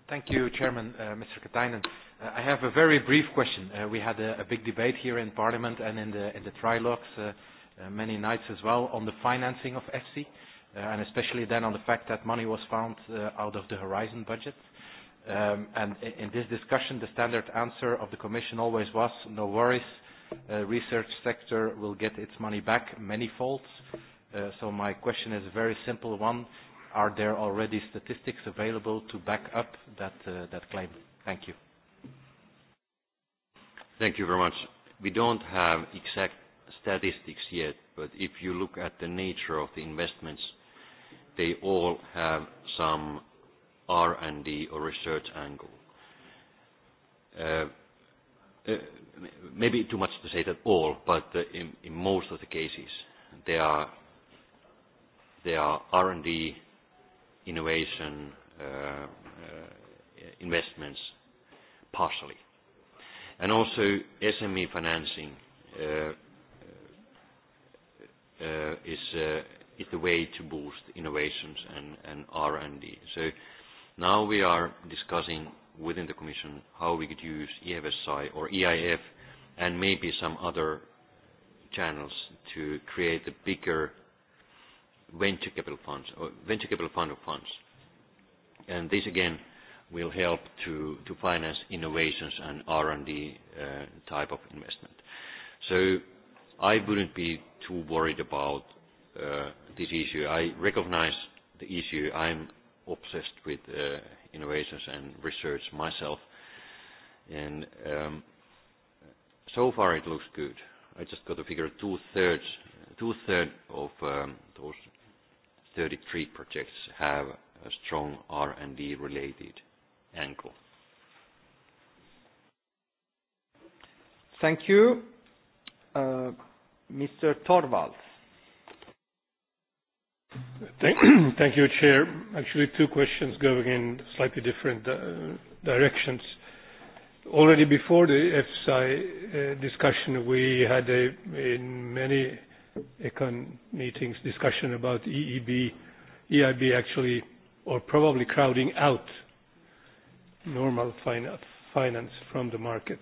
Thank you, Chairman, uh, Mr. Katainen. Uh, I have a very brief question. Uh, we had a, a big debate here in Parliament and in the, in the trilogues uh, uh, many nights as well on the financing of FC, uh, and especially then on the fact that money was found uh, out of the Horizon budget. Um, and in, in this discussion, the standard answer of the Commission always was, no worries, uh, research sector will get its money back many folds. Uh, Uh, so my question is a very simple one: Are there already statistics available to back up uh, that claim? Thank you. Thank you very much. We don't have exact statistics yet, but if you look at the nature of the investments, they all have some R&D or research angle. Uh, maybe too much to say that all, but in most of the cases, they are there are R&D innovation uh, uh, investments partially. Also SME financing uh, is the way to boost innovations and R&D. Now we are discussing within the commission how we could use EFSI or EIF and maybe some other channels to create a bigger venture capital funds or venture capital fund of funds. And this again will help to, to finance innovations and R&D uh, type of investment. So I wouldn't be too worried about uh, this issue. I recognize the issue. I'm obsessed with uh, innovations and research myself. And um, so far it looks good. I just got to figure two-thirds, two-thirds of um, those 33 projects have a strong R&D related angle. Thank you. Uh, Mr. Torvalds. (clears throat) Thank you, Chair. Actually, two questions going in slightly different uh, directions. Already before the Efsai uh, discussion, we had in many econ meetings discussion about EEB, EIB actually or probably crowding out normal fin finance from the market.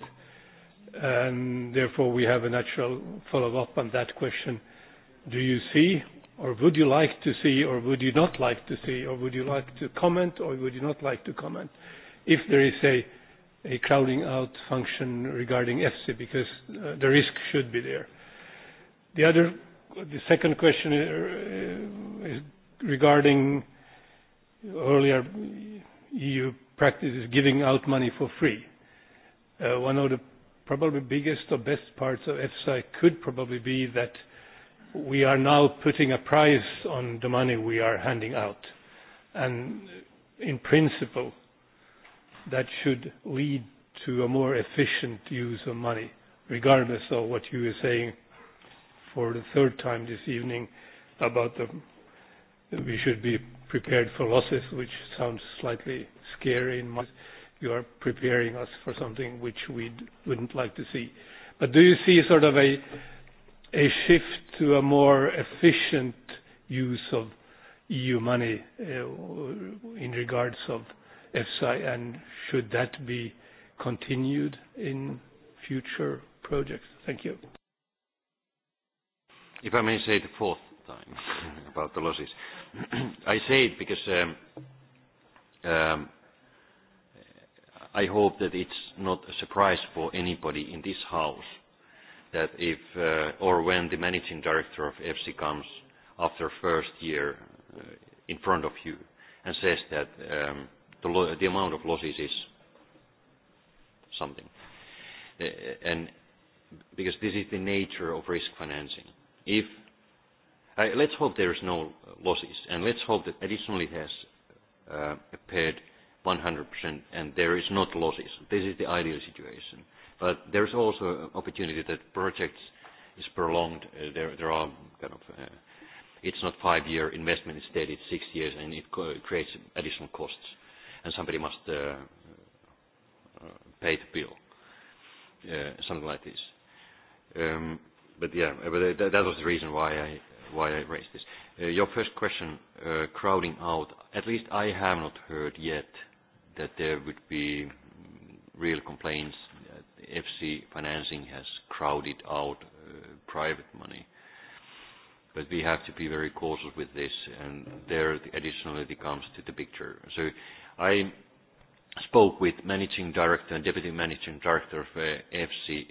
And therefore, we have a natural follow-up on that question. Do you see or would you like to see or would you not like to see or would you like to comment or would you not like to comment if there is a, a crowding out function regarding EFSI because uh, the risk should be there. The second question uh, uh, is regarding earlier EU practices giving out money for free. Uh, one of the probably biggest or best parts of Efsi could probably be that we are now putting a price on the money we are handing out. In principle, that should lead to a more efficient use of money, regardless of what you are saying for the third time this evening about the we should be prepared for losses, which sounds slightly scary. In my, you are preparing us for something which we wouldn't like to see. But do you see sort of a a shift to a more efficient use of EU money uh, in regards of FSI, and should that be continued in future projects? Thank you. If I may say it a fourth time (laughs) about the losses, (clears throat) I say it because um, um, I hope that it's not a surprise for anybody in this house that if uh, or when the managing director of FC comes after first year uh, in front of you and says that um, the, lo- the amount of losses is something, uh, and because this is the nature of risk financing. If uh, let's hope there is no losses, and let's hope that additionally it has uh, appeared 100% and there is not losses. This is the ideal situation. There is also opportunity that projects is prolonged. Uh, there are kind of, it's not five-year investment, instead it's six years, and it creates additional costs, and somebody must pay the bill, something like this. Um, that was the reason why I raised this. Uh, your first question, uh, crowding out. At least I have not heard yet that there would be real complaints that FC financing has crowded out uh, private money. We have to be very cautious with this, and there additionally it comes to the picture. I spoke with managing director and deputy managing director of FC,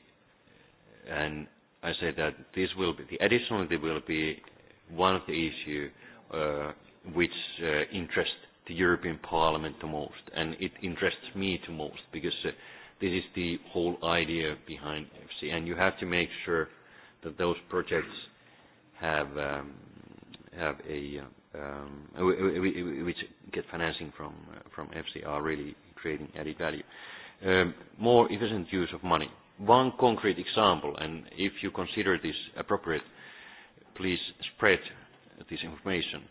and I say that this will be the additionality will be one of the issue uh, which uh, interests the European Parliament the most, and it interests me the most because uh, this is the whole idea behind EPSI, and you have to make sure that those projects have um, um, a which get financing from EPSI are really creating added value. Um, more efficient use of money one concrete example, and if you consider this appropriate, please spread this information.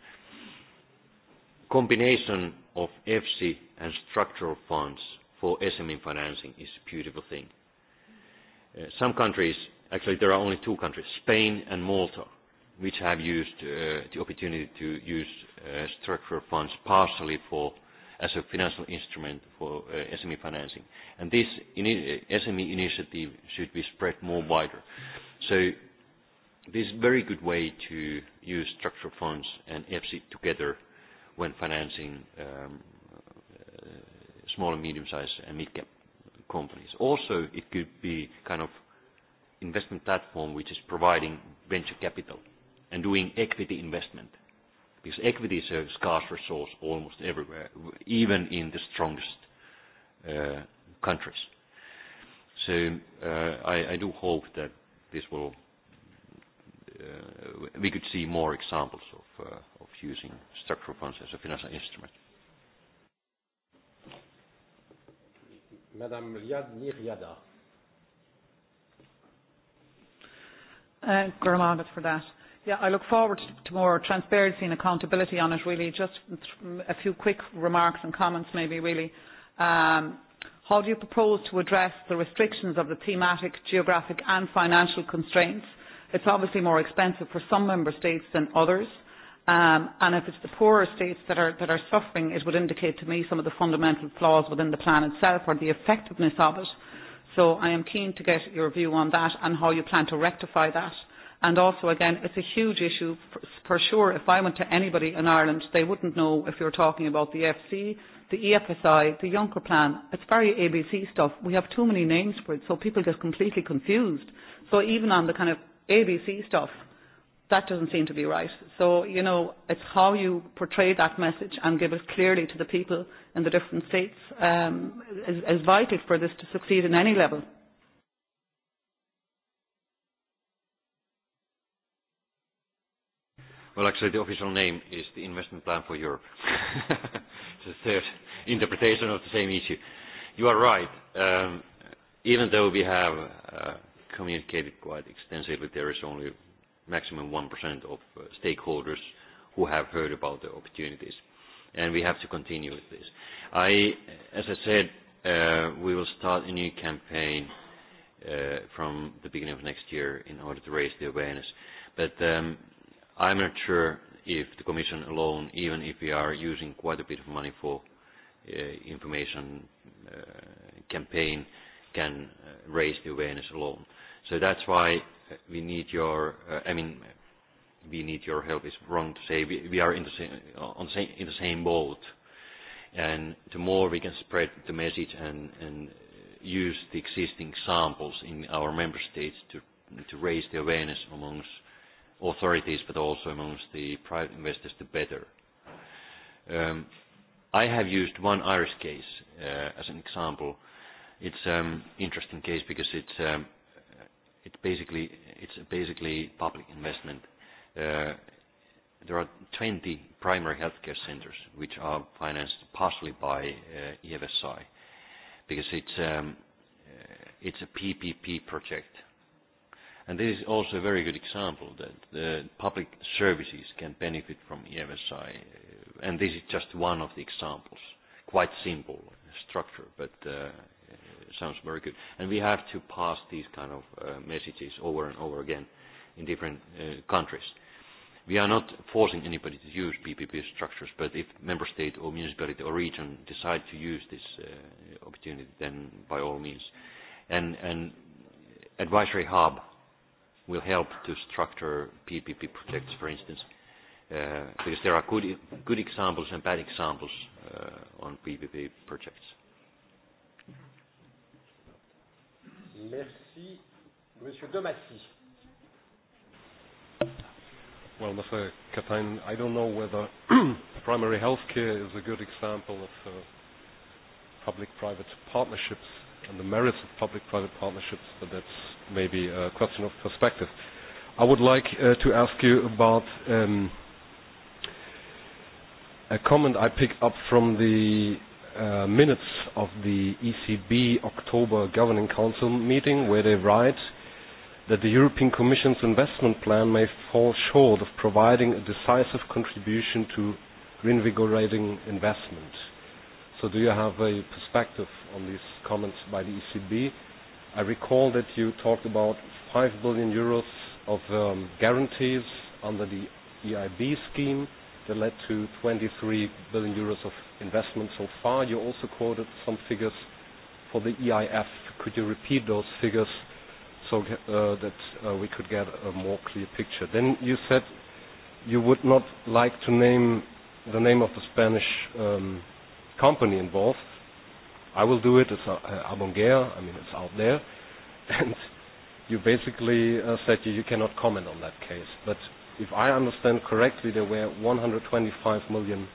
Combination of FC and structural funds for SME financing is a beautiful thing. Uh, some countries, actually there are only two countries, Spain and Malta, which have used uh, the opportunity to use uh, structural funds partially for as a financial instrument for uh, SME financing. And this in uh, SME initiative should be spread more wider. So this is a very good way to use structural funds and EPSI together when financing um, uh, small and medium-sized and mid-cap companies. Also, it could be kind of investment platform which is providing venture capital and doing equity investment because equities are a scarce resource almost everywhere, even in the strongest uh, countries. So uh, I, I do hope that this will uh, we could see more examples of uh, of using structural funds as a financial instrument. Madam Liad Niriada. Uh, for that. Yeah, I look forward to more transparency and accountability on it, really. Just a few quick remarks and comments, maybe, really. Um, how do you propose to address the restrictions of the thematic, geographic and financial constraints? It's obviously more expensive for some member states than others. Um, and if it's the poorer states that are, that are suffering, it would indicate to me some of the fundamental flaws within the plan itself or the effectiveness of it. So I am keen to get your view on that and how you plan to rectify that. And also, again, it's a huge issue for sure. If I went to anybody in Ireland, they wouldn't know if you're talking about the FC, the EFSI, the Juncker Plan. It's very ABC stuff. We have too many names for it, so people get completely confused. So even on the kind of ABC stuff, that doesn't seem to be right. So, you know, it's how you portray that message and give it clearly to the people in the different states um, is, is vital for this to succeed in any level. Well, actually, the official name is the investment plan for Europe. (laughs) It's the third interpretation of the same issue. You are right. Um, even though we have uh, communicated quite extensively, there is only maximum 1% of uh, stakeholders who have heard about the opportunities, and we have to continue with this. As I said, uh, we will start a new campaign from the beginning of next year in order to raise the awareness. Um, I'm not sure if the commission alone, even if we are using quite a bit of money for uh, information uh, campaign, can uh, raise the awareness alone. That's why we need your, I mean, we need your help is wrong to say. We are in the same boat. The more we can spread the message and use the existing samples in our member states to raise the awareness amongst authorities, but also amongst the private investors, the better. Um, I have used one Irish case uh, as an example. It's an um, interesting case because it's um, basically public investment. Uh, there are 20 primary healthcare centers which are financed partially by uh, EFSI because it's a PPP project, And this is also a very good example that the public services can benefit from EMSI. Uh, and this is just one of the examples. Quite simple structure, but uh, uh, sounds very good. And we have to pass these kind of uh, messages over and over again in different uh, countries. We are not forcing anybody to use PPP structures, but if member state or municipality or region decide to use this uh, opportunity, then by all means. And, and advisory hub will help to structure PPP projects, for instance, uh, because there are good good examples and bad examples uh, on PPP projects. Merci, Monsieur Domassi. Well, Mr. Katain, I don't know whether (clears throat) primary health care is a good example of uh, public-private partnerships and the merits of public-private partnerships, but that's maybe a question of perspective. I would like uh, to ask you about um, a comment I picked up from the uh, minutes of the ECB October Governing Council meeting, where they write that the European Commission's investment plan may fall short of providing a decisive contribution to reinvigorating investment. So do you have a perspective on these comments by the ECB? I recall that you talked about 5 billion euros of um, guarantees under the EIB scheme that led to 23 billion euros of investment so far. You also quoted some figures for the EIF. Could you repeat those figures so uh, that uh, we could get a more clear picture? Then you said you would not like to name the name of the Spanish um, company involved. I will do it. It's uh, Abonger. I mean, it's out there. (laughs) And you basically uh, said you cannot comment on that case. But if I understand correctly, there were 125 million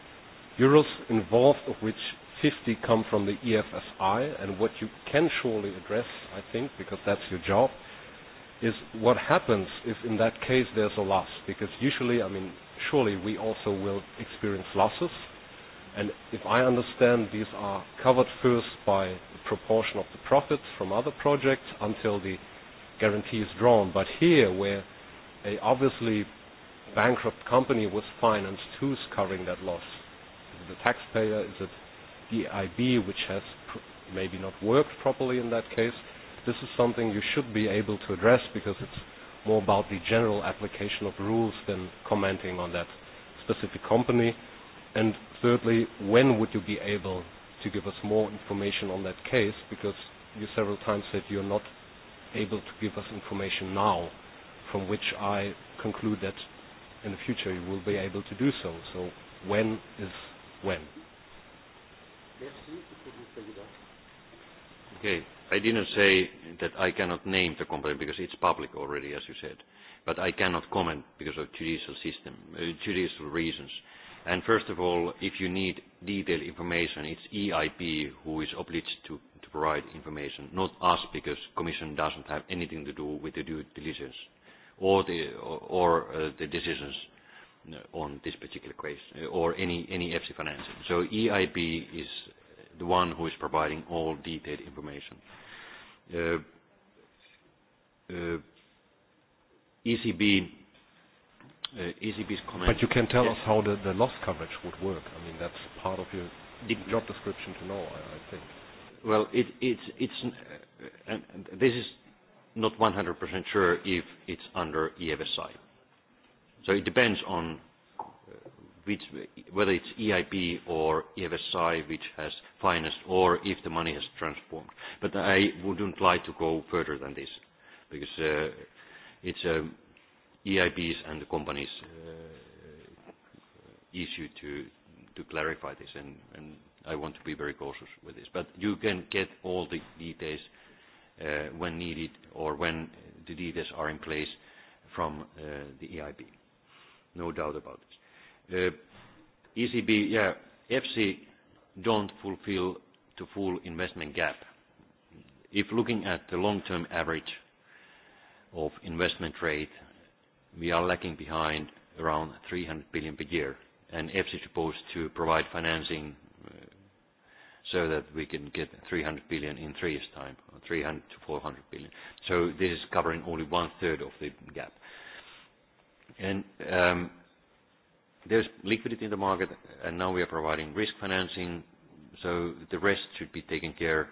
euros involved, of which 50 come from the EFSI. And what you can surely address, I think, because that's your job. Is what happens if in that case there's a loss? Because usually, I mean, surely we also will experience losses And if I understand, these are covered first by the proportion of the profits from other projects until the guarantee is drawn. But here, where a obviously bankrupt company was financed, who's covering that loss? Is it the taxpayer? Is it the EIB, which has pr maybe not worked properly in that case? This is something you should be able to address because it's more about the general application of rules than commenting on that specific company. Thirdly, when would you be able to give us more information on that case? Because you several times said you're not able to give us information now, from which I conclude that in the future you will be able to do so. When is when? Okay. I didn't say that I cannot name the company because it's public already, as you said. I cannot comment because of judicial uh, reasons. First of all, if you need detailed information, it's EIB who is obliged to provide information, not us, because commission doesn't have anything to do with the due diligence or the uh, decisions on this particular case uh, or any FC financing. EIB is the one who is providing all detailed information. Uh, ECB ECB's uh, comment. But you can tell yes. us how the, the loss coverage would work. I mean, that's part of your the job description to know, I, I think. Well, it, it's, it's, uh, and this is not 100% sure if it's under EFSI. So it depends on uh, which, whether it's EIB or EFSI which has financed or if the money has transformed. But I wouldn't like to go further than this because uh, it's a. Um, EIB's and the company's issue uh, uh, to clarify this, and I want to be very cautious with this. But you can get all the details uh, when needed or when the details are in place from the EIB. No doubt about this. ECB, yeah, FC don't fulfill the full investment gap. If looking at the long-term average of investment rate we are lagging behind around 300 billion per year. And EPSI is supposed to provide financing uh, so that we can get 300 billion in three years' time, 300 to 400 billion. So this is covering only one third of the gap. And um, there's liquidity in the market, and now we are providing risk financing. So the rest should be taken care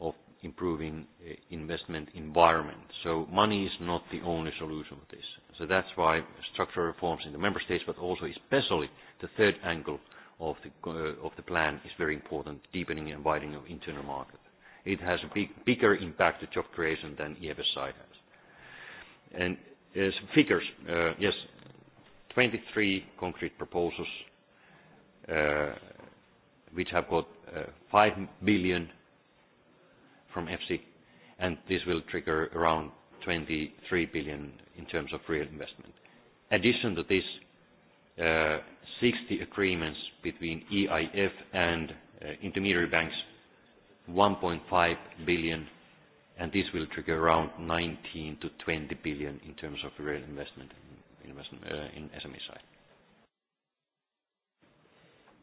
of improving uh, investment environment. So money is not the only solution for this. That's why structural reforms in the member states, but also especially the third angle of the uh, plan is very important, deepening and widening of internal market. It has a bigger impact to job creation than EFSI has. As uh, figures, uh, yes, 23 concrete proposals, which have got 5 billion from EFSI, and this will trigger around 23 billion in terms of real investment. Addition to this, 60 uh, agreements between EIF and uh, intermediary banks, 1.5 billion, and this will trigger around 19 billion-20 billion in terms of real investment uh, in SME side.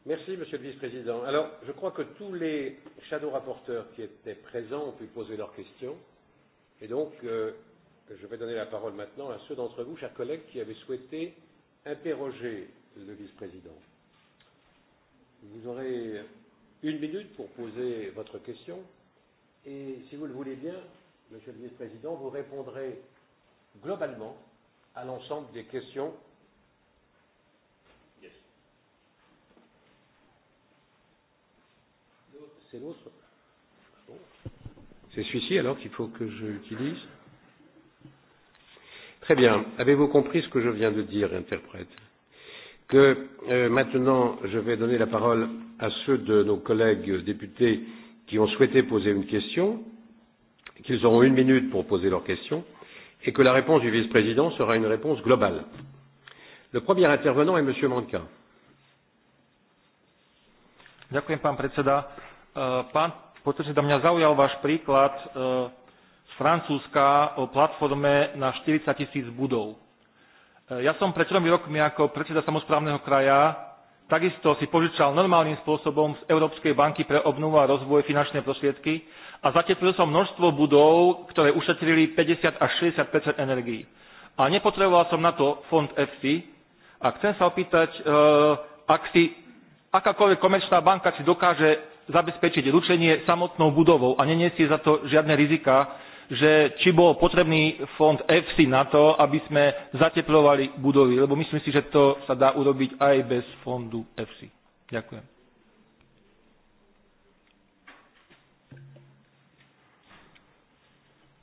Merci, Monsieur le Vice-président. Alors, je crois que tous les shadow rapporteurs qui étaient présents ont pu poser leurs questions. Et donc, euh, je vais donner la parole maintenant à ceux d'entre vous, chers collègues, qui avaient souhaité interroger le vice-président. Vous aurez une minute pour poser votre question et si vous le voulez bien, monsieur le vice-président, vous répondrez globalement à l'ensemble des questions. Yes. C'est l'autre. C'est celui-ci alors qu'il faut que je l'utilise. Très bien. Avez-vous compris ce que je viens de dire, interprète Que euh, maintenant, je vais donner la parole à ceux de nos collègues députés qui ont souhaité poser une question, qu'ils auront une minute pour poser leur question, et que la réponse du vice-président sera une réponse globale. Le premier intervenant est M. Mandka. Merci, M. le Président. Eh, Pan, pokud se do mě zaujal váš příklad, eh, Francúzska o platforme na 40 tisíc budov. E, ja som pred tromi rokmi ako predseda samozprávneho kraja takisto si požičal normálnym spôsobom z Európskej banky pre obnovu a rozvoj finančné prostriedky a zateplil som množstvo budov, ktoré ušetrili 50 až 60 energii. A nepotreboval som na to fond EFSI a chcem sa opýtať, e, ak si akákoľvek komerčná banka si dokáže zabezpečiť ručenie samotnou budovou a neniesie za to žiadne rizika, že či bol potrebný fond EFSI na to, aby sme zateplovali budovy, lebo myslím si, že to sa dá urobiť aj bez fondu EFSI. Ďakujem.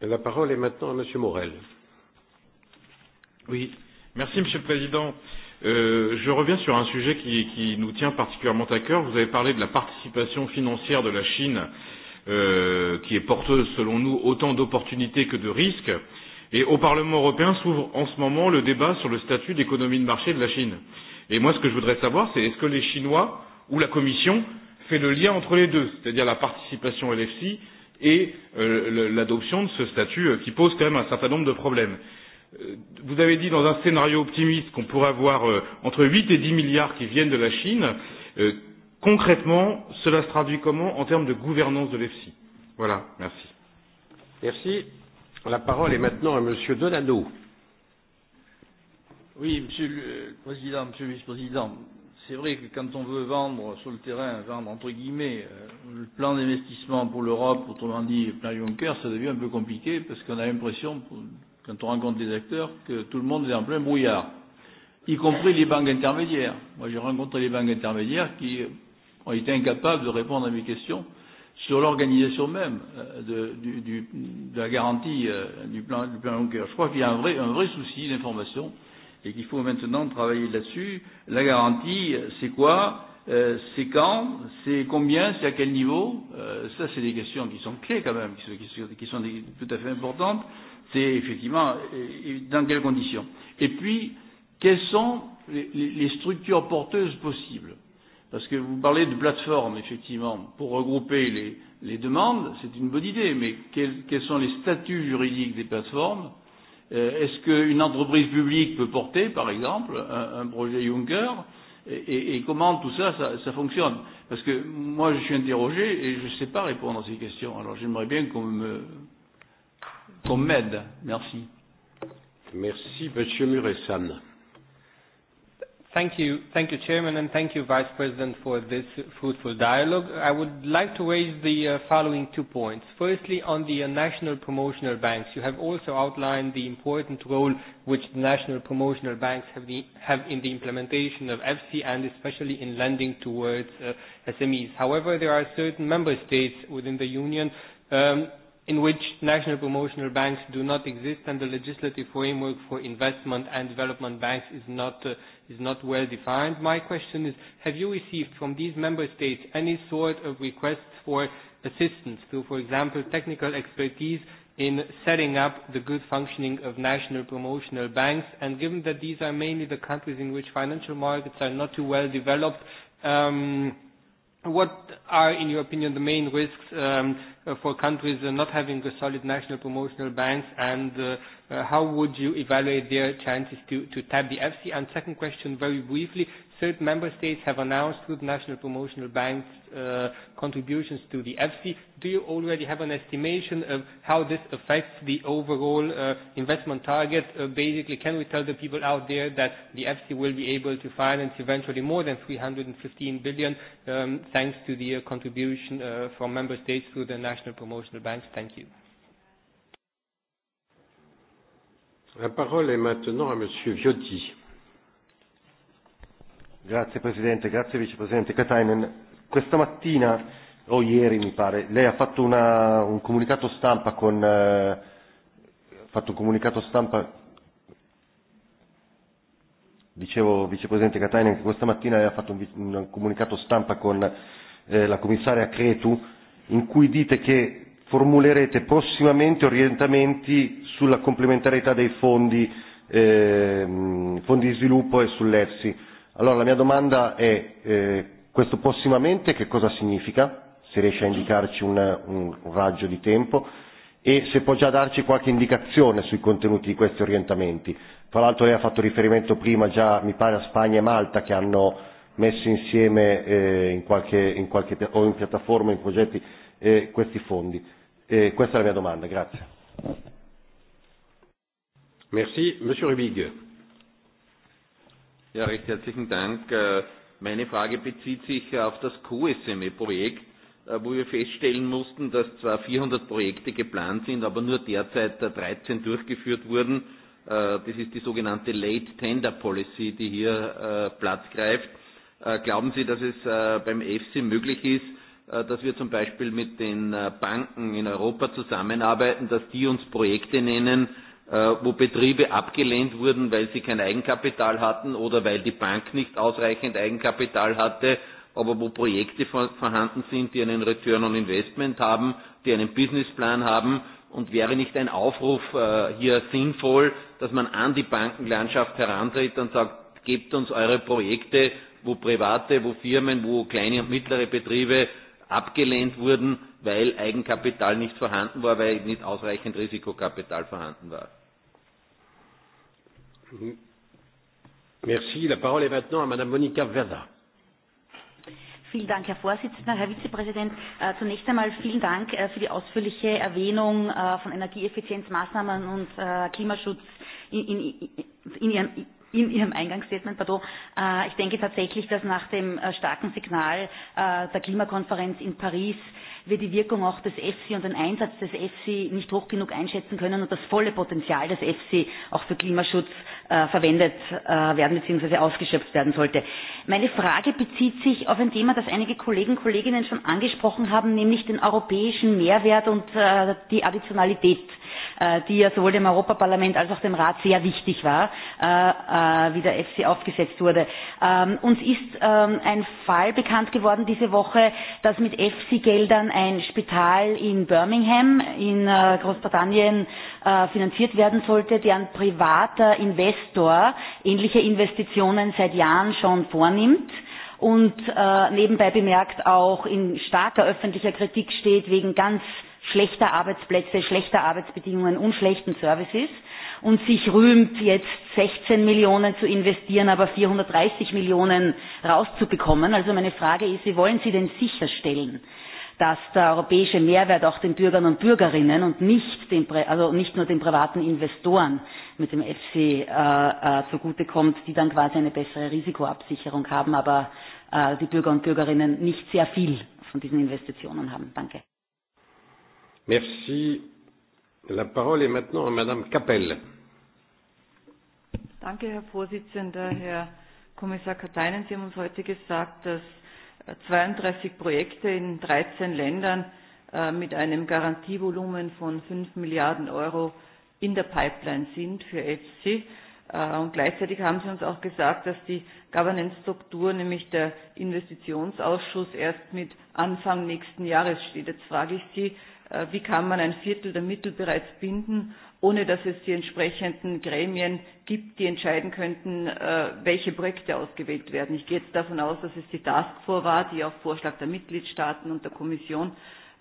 La parole est maintenant à Monsieur Morel. Oui, merci Monsieur le Président. Euh, je reviens sur un sujet qui, qui nous tient particulièrement à cœur. Vous avez parlé de la participation financière de la Chine euh, euh, qui est porteuse, selon nous, autant d'opportunités que de risques. Et au Parlement européen s'ouvre en ce moment le débat sur le statut d'économie de marché de la Chine. Et moi, ce que je voudrais savoir, c'est est-ce que les Chinois ou la Commission fait le lien entre les deux, c'est-à-dire la participation LFC et euh, l'adoption de ce statut euh, qui pose quand même un certain nombre de problèmes. Euh, vous avez dit dans un scénario optimiste qu'on pourrait avoir euh, entre 8 et 10 milliards qui viennent de la Chine. Euh, concrètement, cela se traduit comment en termes de gouvernance de l'EFSI Voilà, merci. Merci. La parole est maintenant à Monsieur Donado. Oui, Monsieur le Président, Monsieur le Vice-président, c'est vrai que quand on veut vendre sur le terrain, vendre entre guillemets, euh, le plan d'investissement pour l'Europe, autrement dit le plan Juncker, ça devient un peu compliqué parce qu'on a l'impression, quand on rencontre des acteurs, que tout le monde est en plein brouillard, y compris les banques intermédiaires. Moi, j'ai rencontré les banques intermédiaires qui, ont été incapables de répondre à mes questions sur l'organisation même euh, de, du, du, de la garantie euh, du plan, du plan Juncker. Je crois qu'il y a un vrai, un vrai souci d'information et qu'il faut maintenant travailler là-dessus. La garantie, c'est quoi euh, c'est quand, c'est combien, c'est à quel niveau euh, Ça, c'est des questions qui sont clés quand même, qui sont, qui sont, qui sont des, tout à fait importantes. C'est effectivement euh, dans quelles conditions. Et puis, quelles sont les, les structures porteuses possibles parce que vous parlez de plateforme, effectivement, pour regrouper les, les demandes, c'est une bonne idée, mais quels, quels sont les statuts juridiques des plateformes euh, Est-ce qu'une entreprise publique peut porter, par exemple, un, un projet Juncker et, et, et comment tout ça, ça, ça fonctionne Parce que moi, je suis interrogé et je ne sais pas répondre à ces questions. Alors j'aimerais bien qu'on me. qu'on m'aide. Merci. Merci, Monsieur Muressan. Thank you, thank you, Chairman, and thank you, Vice President, for this fruitful dialogue. I would like to raise the uh, following two points. Firstly, on the uh, national promotional banks, you have also outlined the important role which the national promotional banks have, the, have in the implementation of FC and especially in lending towards uh, SMEs. However, there are certain member states within the Union um, in which national promotional banks do not exist and the legislative framework for investment and development banks is not uh, is not well defined. My question is, have you received from these member states any sort of requests for assistance to, for example, technical expertise in setting up the good functioning of national promotional banks? And given that these are mainly the countries in which financial markets are not too well developed, um, what are, in your opinion, the main risks um, for countries not having the solid national promotional banks and uh, Uh, how would you evaluate their chances to, to tap the FC? And second question, very briefly, certain member states have announced good national promotional banks uh, contributions to the FC. Do you already have an estimation of how this affects the overall uh, investment target? Uh, basically, can we tell the people out there that the FC will be able to finance eventually more than 315 billion um, thanks to the uh, contribution uh, from member states through the national promotional banks? Thank you. La parola è maintenant a Monsieur Viotti. Grazie Presidente, grazie Vicepresidente Katainen. Questa mattina, o ieri mi pare, lei ha fatto una, un comunicato stampa con. Eh, ha eh, fatto un comunicato stampa. Dicevo Vicepresidente Katainen che questa mattina lei ha fatto un, un comunicato stampa con eh, la commissaria Cretu in cui dite che formulerete prossimamente orientamenti sulla complementarietà dei fondi, eh, fondi di sviluppo e sull'EFSI. Allora la mia domanda è eh, questo prossimamente che cosa significa? Se riesce a indicarci un, un raggio di tempo e se può già darci qualche indicazione sui contenuti di questi orientamenti. Tra l'altro lei ha fatto riferimento prima già, mi pare, a Spagna e Malta che hanno messo insieme eh, in qualche, in qualche, o in piattaforma, in progetti, eh, questi fondi. E questa è la mia domanda, grazie. Merci, Monsieur Rubig. Ja, recht herzlichen Dank. Äh, meine Frage bezieht sich auf das QSME-Projekt, äh, wo wir feststellen mussten, dass zwar 400 Projekte geplant sind, aber nur derzeit 13 äh, durchgeführt wurden. Das ist die sogenannte Late Tender Policy, die hier Platz greift. Glauben Sie, dass es beim EFSI möglich ist, Äh, dass wir zum Beispiel mit den äh, Banken in Europa zusammenarbeiten, dass die uns Projekte nennen, äh, wo Betriebe abgelehnt wurden, weil sie kein Eigenkapital hatten oder weil die Bank nicht ausreichend Eigenkapital hatte, aber wo Projekte vorhanden sind, die einen Return on Investment haben, die einen Businessplan haben. Und wäre nicht ein Aufruf hier sinnvoll, dass man an die Bankenlandschaft herantritt und sagt, gebt uns eure Projekte, wo private, wo Firmen, wo kleine und mittlere Betriebe abgelehnt wurden, weil Eigenkapital nicht vorhanden war, weil nicht ausreichend Risikokapital vorhanden war. Merci. La parole est maintenant à Madame Monica Verda. Vielen Dank, Herr Vorsitzender. Herr Vizepräsident, äh, zunächst einmal vielen Dank äh, für die ausführliche Erwähnung äh, von Energieeffizienzmaßnahmen und Klimaschutz in, in, in Ihrem in Ihrem Eingangsstatement, pardon, äh, ich denke tatsächlich, dass nach dem äh, starken Signal äh, der Klimakonferenz in Paris wir die Wirkung auch des EFSI und den Einsatz des EFSI nicht hoch genug einschätzen können und das volle Potenzial des EFSI auch für Klimaschutz äh, verwendet äh, werden bzw. ausgeschöpft werden sollte. Meine Frage bezieht sich auf ein Thema, das einige Kollegen und Kolleginnen schon angesprochen haben, nämlich den europäischen Mehrwert und äh, die Additionalität Äh, die ja sowohl dem europaparlament als auch dem rat sehr wichtig war äh, äh, wie der efsi aufgesetzt wurde. Ähm, uns ist ähm, ein fall bekannt geworden diese woche dass mit efsi geldern ein spital in birmingham in großbritannien finanziert werden sollte deren privater investor ähnliche investitionen seit jahren schon vornimmt und nebenbei bemerkt auch in starker öffentlicher kritik steht wegen ganz schlechter Arbeitsplätze, schlechter Arbeitsbedingungen und schlechten Services und sich rühmt, jetzt 16 Millionen zu investieren, aber 430 Millionen rauszubekommen. Also meine Frage ist, wie wollen Sie denn sicherstellen, dass der europäische Mehrwert auch den Bürgern und Bürgerinnen und nicht, den, also nicht nur den privaten Investoren mit dem EFSI äh, äh, zugutekommt, die dann quasi eine bessere Risikoabsicherung haben, aber äh, die Bürger und Bürgerinnen nicht sehr viel von diesen Investitionen haben. Danke. Merci. La parole est maintenant à Madame Kappel. Danke, Herr Vorsitzender. Herr Kommissar Katainen, Sie haben uns heute gesagt, dass 32 Projekte in 13 Ländern äh, mit einem Garantievolumen von 5 Milliarden Euro in der Pipeline sind für EFSI. Äh, und gleichzeitig haben Sie uns auch gesagt, dass die Governance-Struktur, nämlich der Investitionsausschuss, erst mit Anfang nächsten Jahres steht. Jetzt frage ich Sie, äh, Äh, wie kann man ein Viertel der Mittel bereits binden, ohne dass es die entsprechenden Gremien gibt, die entscheiden könnten, äh, welche Projekte ausgewählt werden. Ich gehe jetzt davon aus, dass es die Taskforce war, die auf Vorschlag der Mitgliedstaaten und der Kommission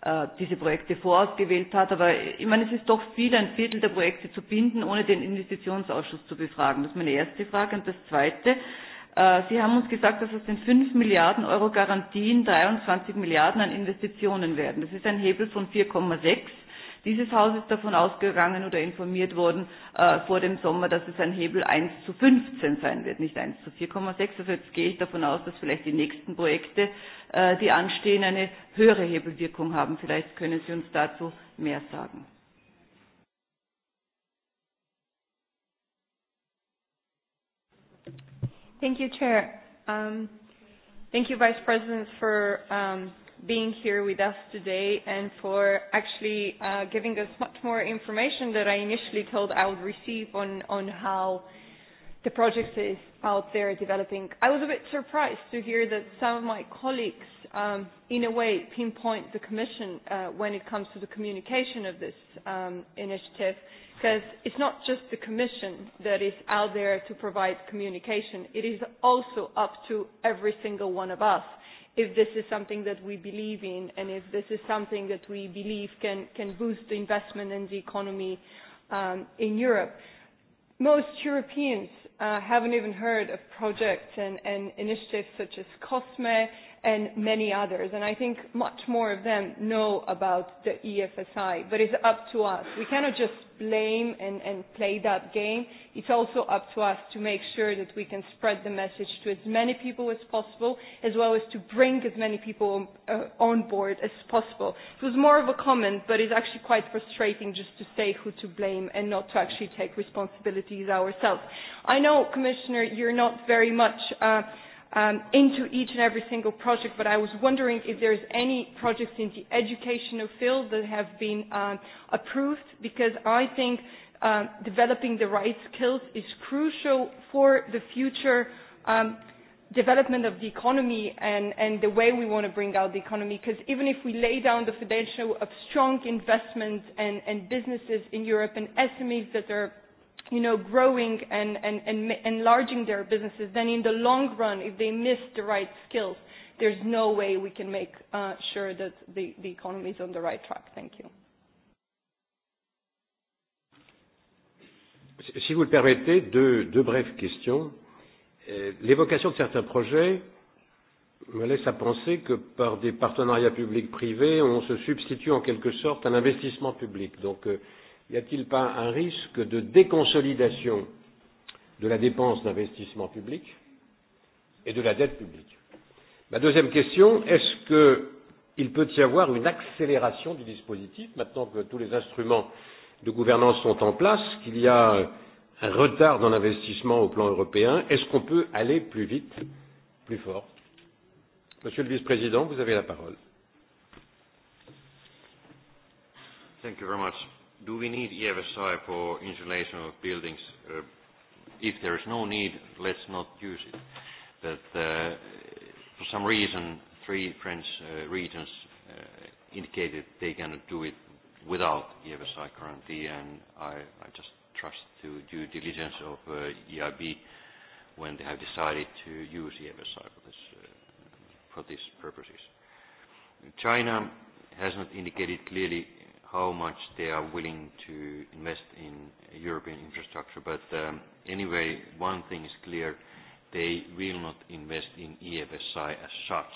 äh, diese Projekte vorausgewählt hat. Aber ich meine, es ist doch viel, ein Viertel der Projekte zu binden, ohne den Investitionsausschuss zu befragen. Das ist meine erste Frage. Und das Zweite, Äh, Sie haben uns gesagt, dass aus den 5 Milliarden Euro Garantien 23 Milliarden an Investitionen werden. Das ist ein Hebel von 4,6. Dieses Haus ist davon ausgegangen oder informiert worden äh, vor dem Sommer, dass es ein Hebel 1 zu 15 sein wird, nicht 1 zu 4,6. Also jetzt gehe ich davon aus, dass vielleicht die nächsten Projekte, äh, die anstehen, eine höhere Hebelwirkung haben. Vielleicht können Sie uns dazu mehr sagen. Thank you, Chair. Um, thank you, Vice President, for um, being here with us today and for actually uh, giving us much more information than I initially thought I would receive on how the project is out there developing. I was a bit surprised to hear that some of my colleagues um, in a way, pinpoint the Commission uh, when it comes to the communication of this um, initiative, because it's not just the Commission that is out there to provide communication. It is also up to every single one of us if this is something that we believe in and if this is something that we believe can, can boost the investment in the economy um, in Europe. Most Europeans uh, haven't even heard of projects and, and initiatives such as COSME, and many others. And I think much more of them know about the EFSI, but it's up to us. We cannot just blame and, and play that game. It's also up to us to make sure that we can spread the message to as many people as possible, as well as to bring as many people on, uh, on board as possible. It was more of a comment, but it's actually quite frustrating just to say who to blame and not to actually take responsibilities ourselves. I know, Commissioner, you're not very much. Uh, Um, into each and every single project, but I was wondering if there's any projects in the educational field that have been um, approved, because I think uh, developing the right skills is crucial for the future um, development of the economy and, and the way we want to bring out the economy, because even if we lay down the foundation of strong investments and, and businesses in Europe and SMEs that are you know, growing and, and, and enlarging their businesses, then in the long run, if they miss the right skills, there's no way we can make uh, sure that the, the economy is on the right track. Thank you. Si vous le permettez, deux, deux brèves questions. Euh, l'évocation de certains projets me laisse à penser que par des partenariats publics privés, on se substitue en quelque sorte à l'investissement public. Donc, euh, n'y a-t-il pas un risque de déconsolidation de la dépense d'investissement public et de la dette publique Ma deuxième question, est-ce qu'il peut y avoir une accélération du dispositif maintenant que tous les instruments de gouvernance sont en place, qu'il y a un retard dans l'investissement au plan européen Est-ce qu'on peut aller plus vite, plus fort Monsieur le Vice-président, vous avez la parole. Thank you very much do we need EFSI for insulation of buildings? Uh, if there is no need, let's not use it. But uh, for some reason, three French uh, regions uh, indicated they cannot do it without EFSI guarantee, and I, I just trust to due diligence of uh, EIB when they have decided to use EFSI for, this, uh, for these purposes. China has not indicated clearly how much they are willing to invest in European infrastructure. Um, anyway, one thing is clear, they will not invest in EFSI as such.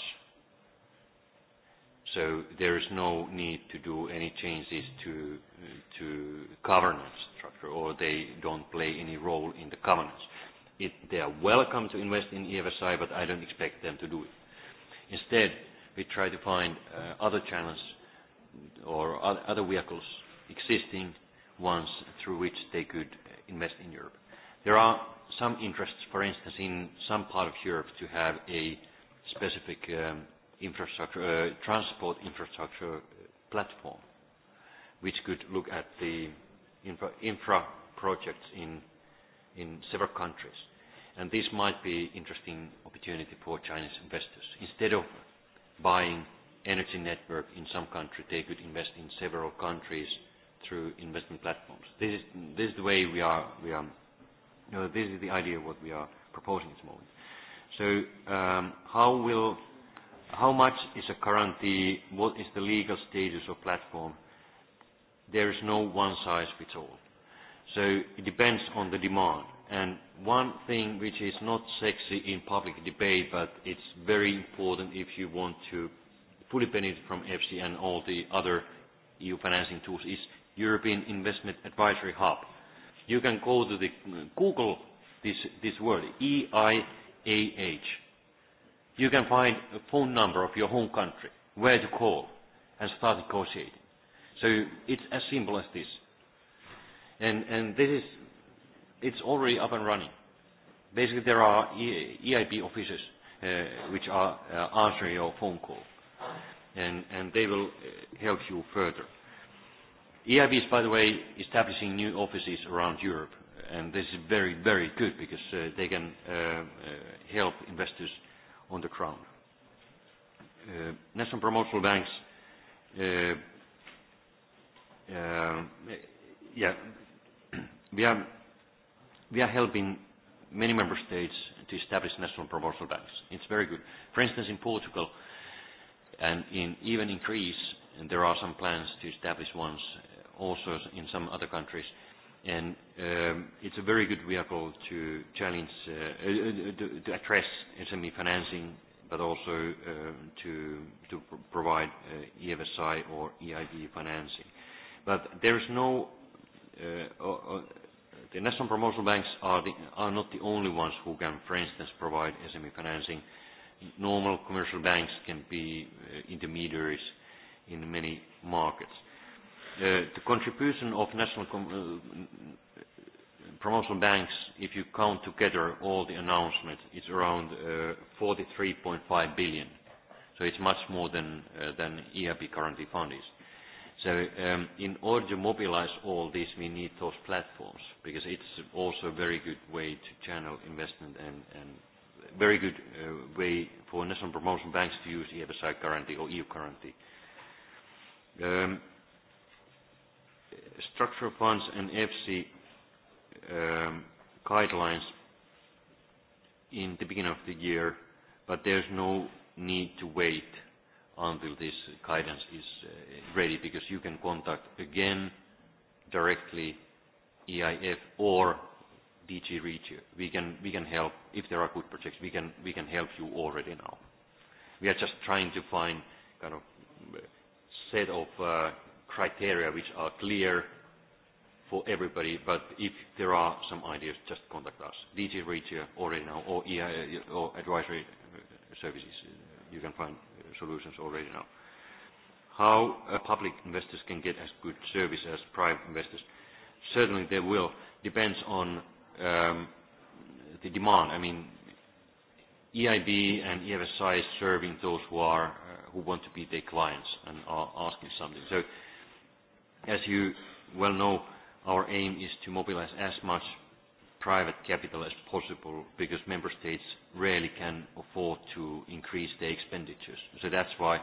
There is no need to do any changes to governance structure, or they don't play any role in the governance. They are welcome to invest in EFSI, but I don't expect them to do it. Instead, we try to find uh, other channels or other vehicles, existing ones through which they could uh, invest in Europe. There are some interests, for instance, in some part of Europe to have a specific um, infrastructure, uh, transport infrastructure uh, platform, which could look at the infra projects in several countries. This might be interesting opportunity for Chinese investors. Instead of buying energy network in some country, they could invest in several countries through investment platforms. This is, this is the way we are, we are you know, this is the idea of what we are proposing at the moment. So um, how will, how much is a guarantee, what is the legal status of platform? There is no one size fits all. So it depends on the demand. And one thing which is not sexy in public debate, but it's very important if you want to fully benefit from EFSI and all the other EU financing tools is European Investment Advisory Hub. You can go to Google this word, EIAH. You can find a phone number of your home country, where to call, and start negotiating. It's as simple as this. This is, it's already up and running. Basically, there are EIB e officers uh, which are uh, answering your phone call and, and they will uh, help you further. EIB is, by the way, establishing new offices around Europe, and this is very, very good because uh, they can uh, uh help investors on the ground. Uh, national promotional banks, uh, uh, yeah, (clears throat) we are, we are helping many member states to establish national promotional banks. It's very good. For instance, in Portugal, uh, Even increase, there are some plans to establish ones uh, also in some other countries. Um, it's a very good vehicle to uh, uh, address SME financing, but also um, to provide EFSI or EIB financing. No, the national promotional banks are not the only ones who can, for instance, provide SME financing normal commercial banks can be uh, intermediaries in many markets. Uh, the contribution of national com uh, promotional banks, if you count together all the announcements, is around uh, 43.5 billion. So it's much more than, uh, than EIB currently fund is. So um, in order to mobilize all this, we need those platforms because it's also a very good way to channel investment and, and very good uh, way for national promotion banks to use EFSI guarantee or EU guarantee. Um, structural funds and EFC um, guidelines in the beginning of the year, but there's no need to wait until this guidance is uh, ready because you can contact again directly EIF or DG region, we can help. If there are good projects, we can help you already now. We are just trying to find kind of set of uh, criteria which are clear for everybody. If there are some ideas, just contact us. DG region already now or EI or advisory services, you can find uh, solutions already now. How uh, public investors can get as good service as private investors? Certainly, they will. Depends on Um, the demand. I mean, EIB and EFSI is serving those uh, who want to be their clients and are asking something. As you well know, our aim is to mobilize as much private capital as possible because member states rarely can afford to increase their expenditures. That's why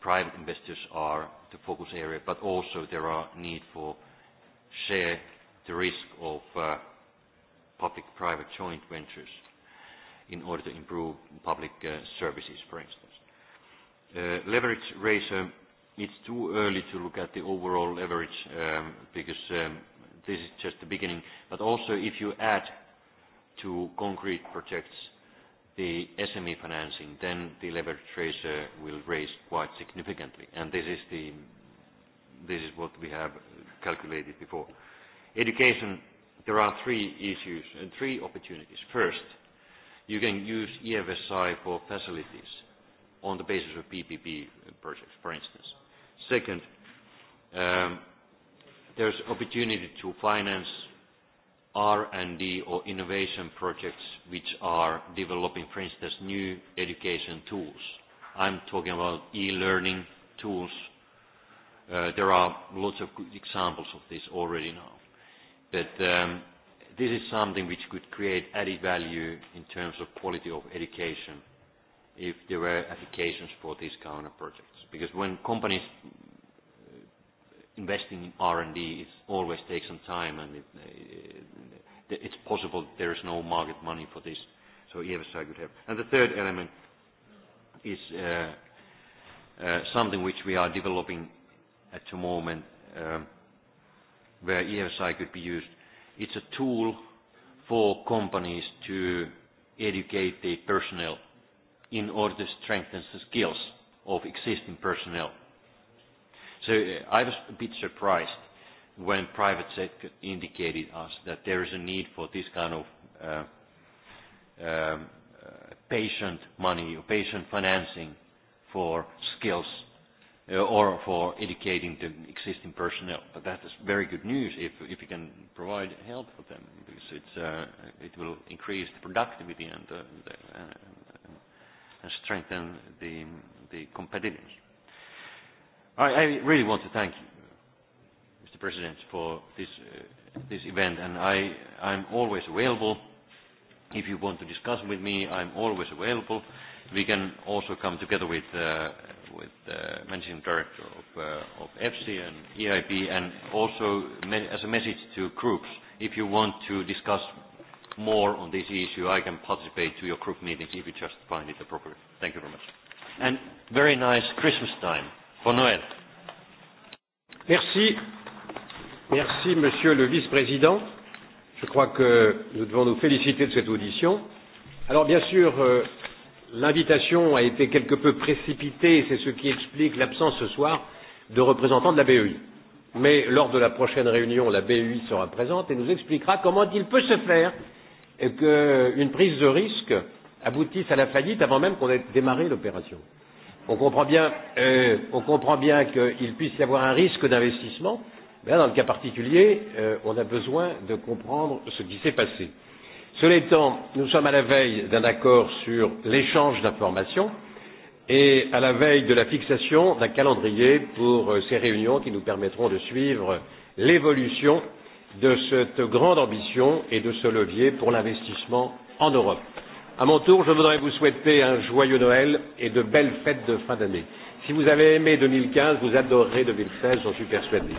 private investors are the focus area, but also there are need for share the risk of uh, public-private joint ventures in order to improve public uh, services, for instance. Uh, leverage ratio, it's too early to look at the overall leverage um, because um, this is just the beginning. But also if you add to concrete projects the SME financing, then the leverage ratio will raise quite significantly. And this is, the, this is what we have calculated before. Education there are three issues and three opportunities. First, you can use EFSI for facilities on the basis of PPP projects, for instance. Second, um, there's opportunity to finance R&D or innovation projects which are developing, for instance, new education tools. I'm talking about e-learning tools. Uh, there are lots of good examples of this already now. Um, this is something which could create added value in terms of quality of education if there were applications for these kind of projects. Because when companies uh, investing in R&D, it always takes some time, and uh, it's possible there is no market money for this. EFSI could help. The third element is uh, something which we are developing at the moment, um, where ESI could be used. It's a tool for companies to educate their personnel in order to strengthen the skills of existing personnel. Uh, I was a bit surprised when private sector indicated us that there is a need for this kind of uh, um, uh, patient money or patient financing for skills Uh, or for educating the existing personnel. That is very good news if you can provide help for them because uh, it will increase the productivity and uh, strengthen the competitiveness. I really want to thank you, Mr. President, for this event, and I'm always available if you want to discuss with me. I'm always available. We can also come together with with the uh, Managing Director of uh, EFSI and EIB, and also as a message to groups, if you want to discuss more on this issue, I can participate to your group meetings if you just find it appropriate. Thank you very much. And very nice Christmas time. Bon Noël. Merci. Merci, Monsieur le Vice-président. Je crois que nous devons nous féliciter de cette audition. Alors, bien sûr, euh, L'invitation a été quelque peu précipitée, c'est ce qui explique l'absence ce soir de représentants de la BEI. Mais lors de la prochaine réunion, la BEI sera présente et nous expliquera comment il peut se faire qu'une prise de risque aboutisse à la faillite avant même qu'on ait démarré l'opération. On comprend bien, euh, bien qu'il puisse y avoir un risque d'investissement, mais là, dans le cas particulier, euh, on a besoin de comprendre ce qui s'est passé. Cela étant, nous sommes à la veille d'un accord sur l'échange d'informations et à la veille de la fixation d'un calendrier pour euh, ces réunions qui nous permettront de suivre l'évolution de cette grande ambition et de ce levier pour l'investissement en Europe. À mon tour, je voudrais vous souhaiter un joyeux Noël et de belles fêtes de fin d'année. Si vous avez aimé 2015, vous adorerez 2016, j'en suis persuadé.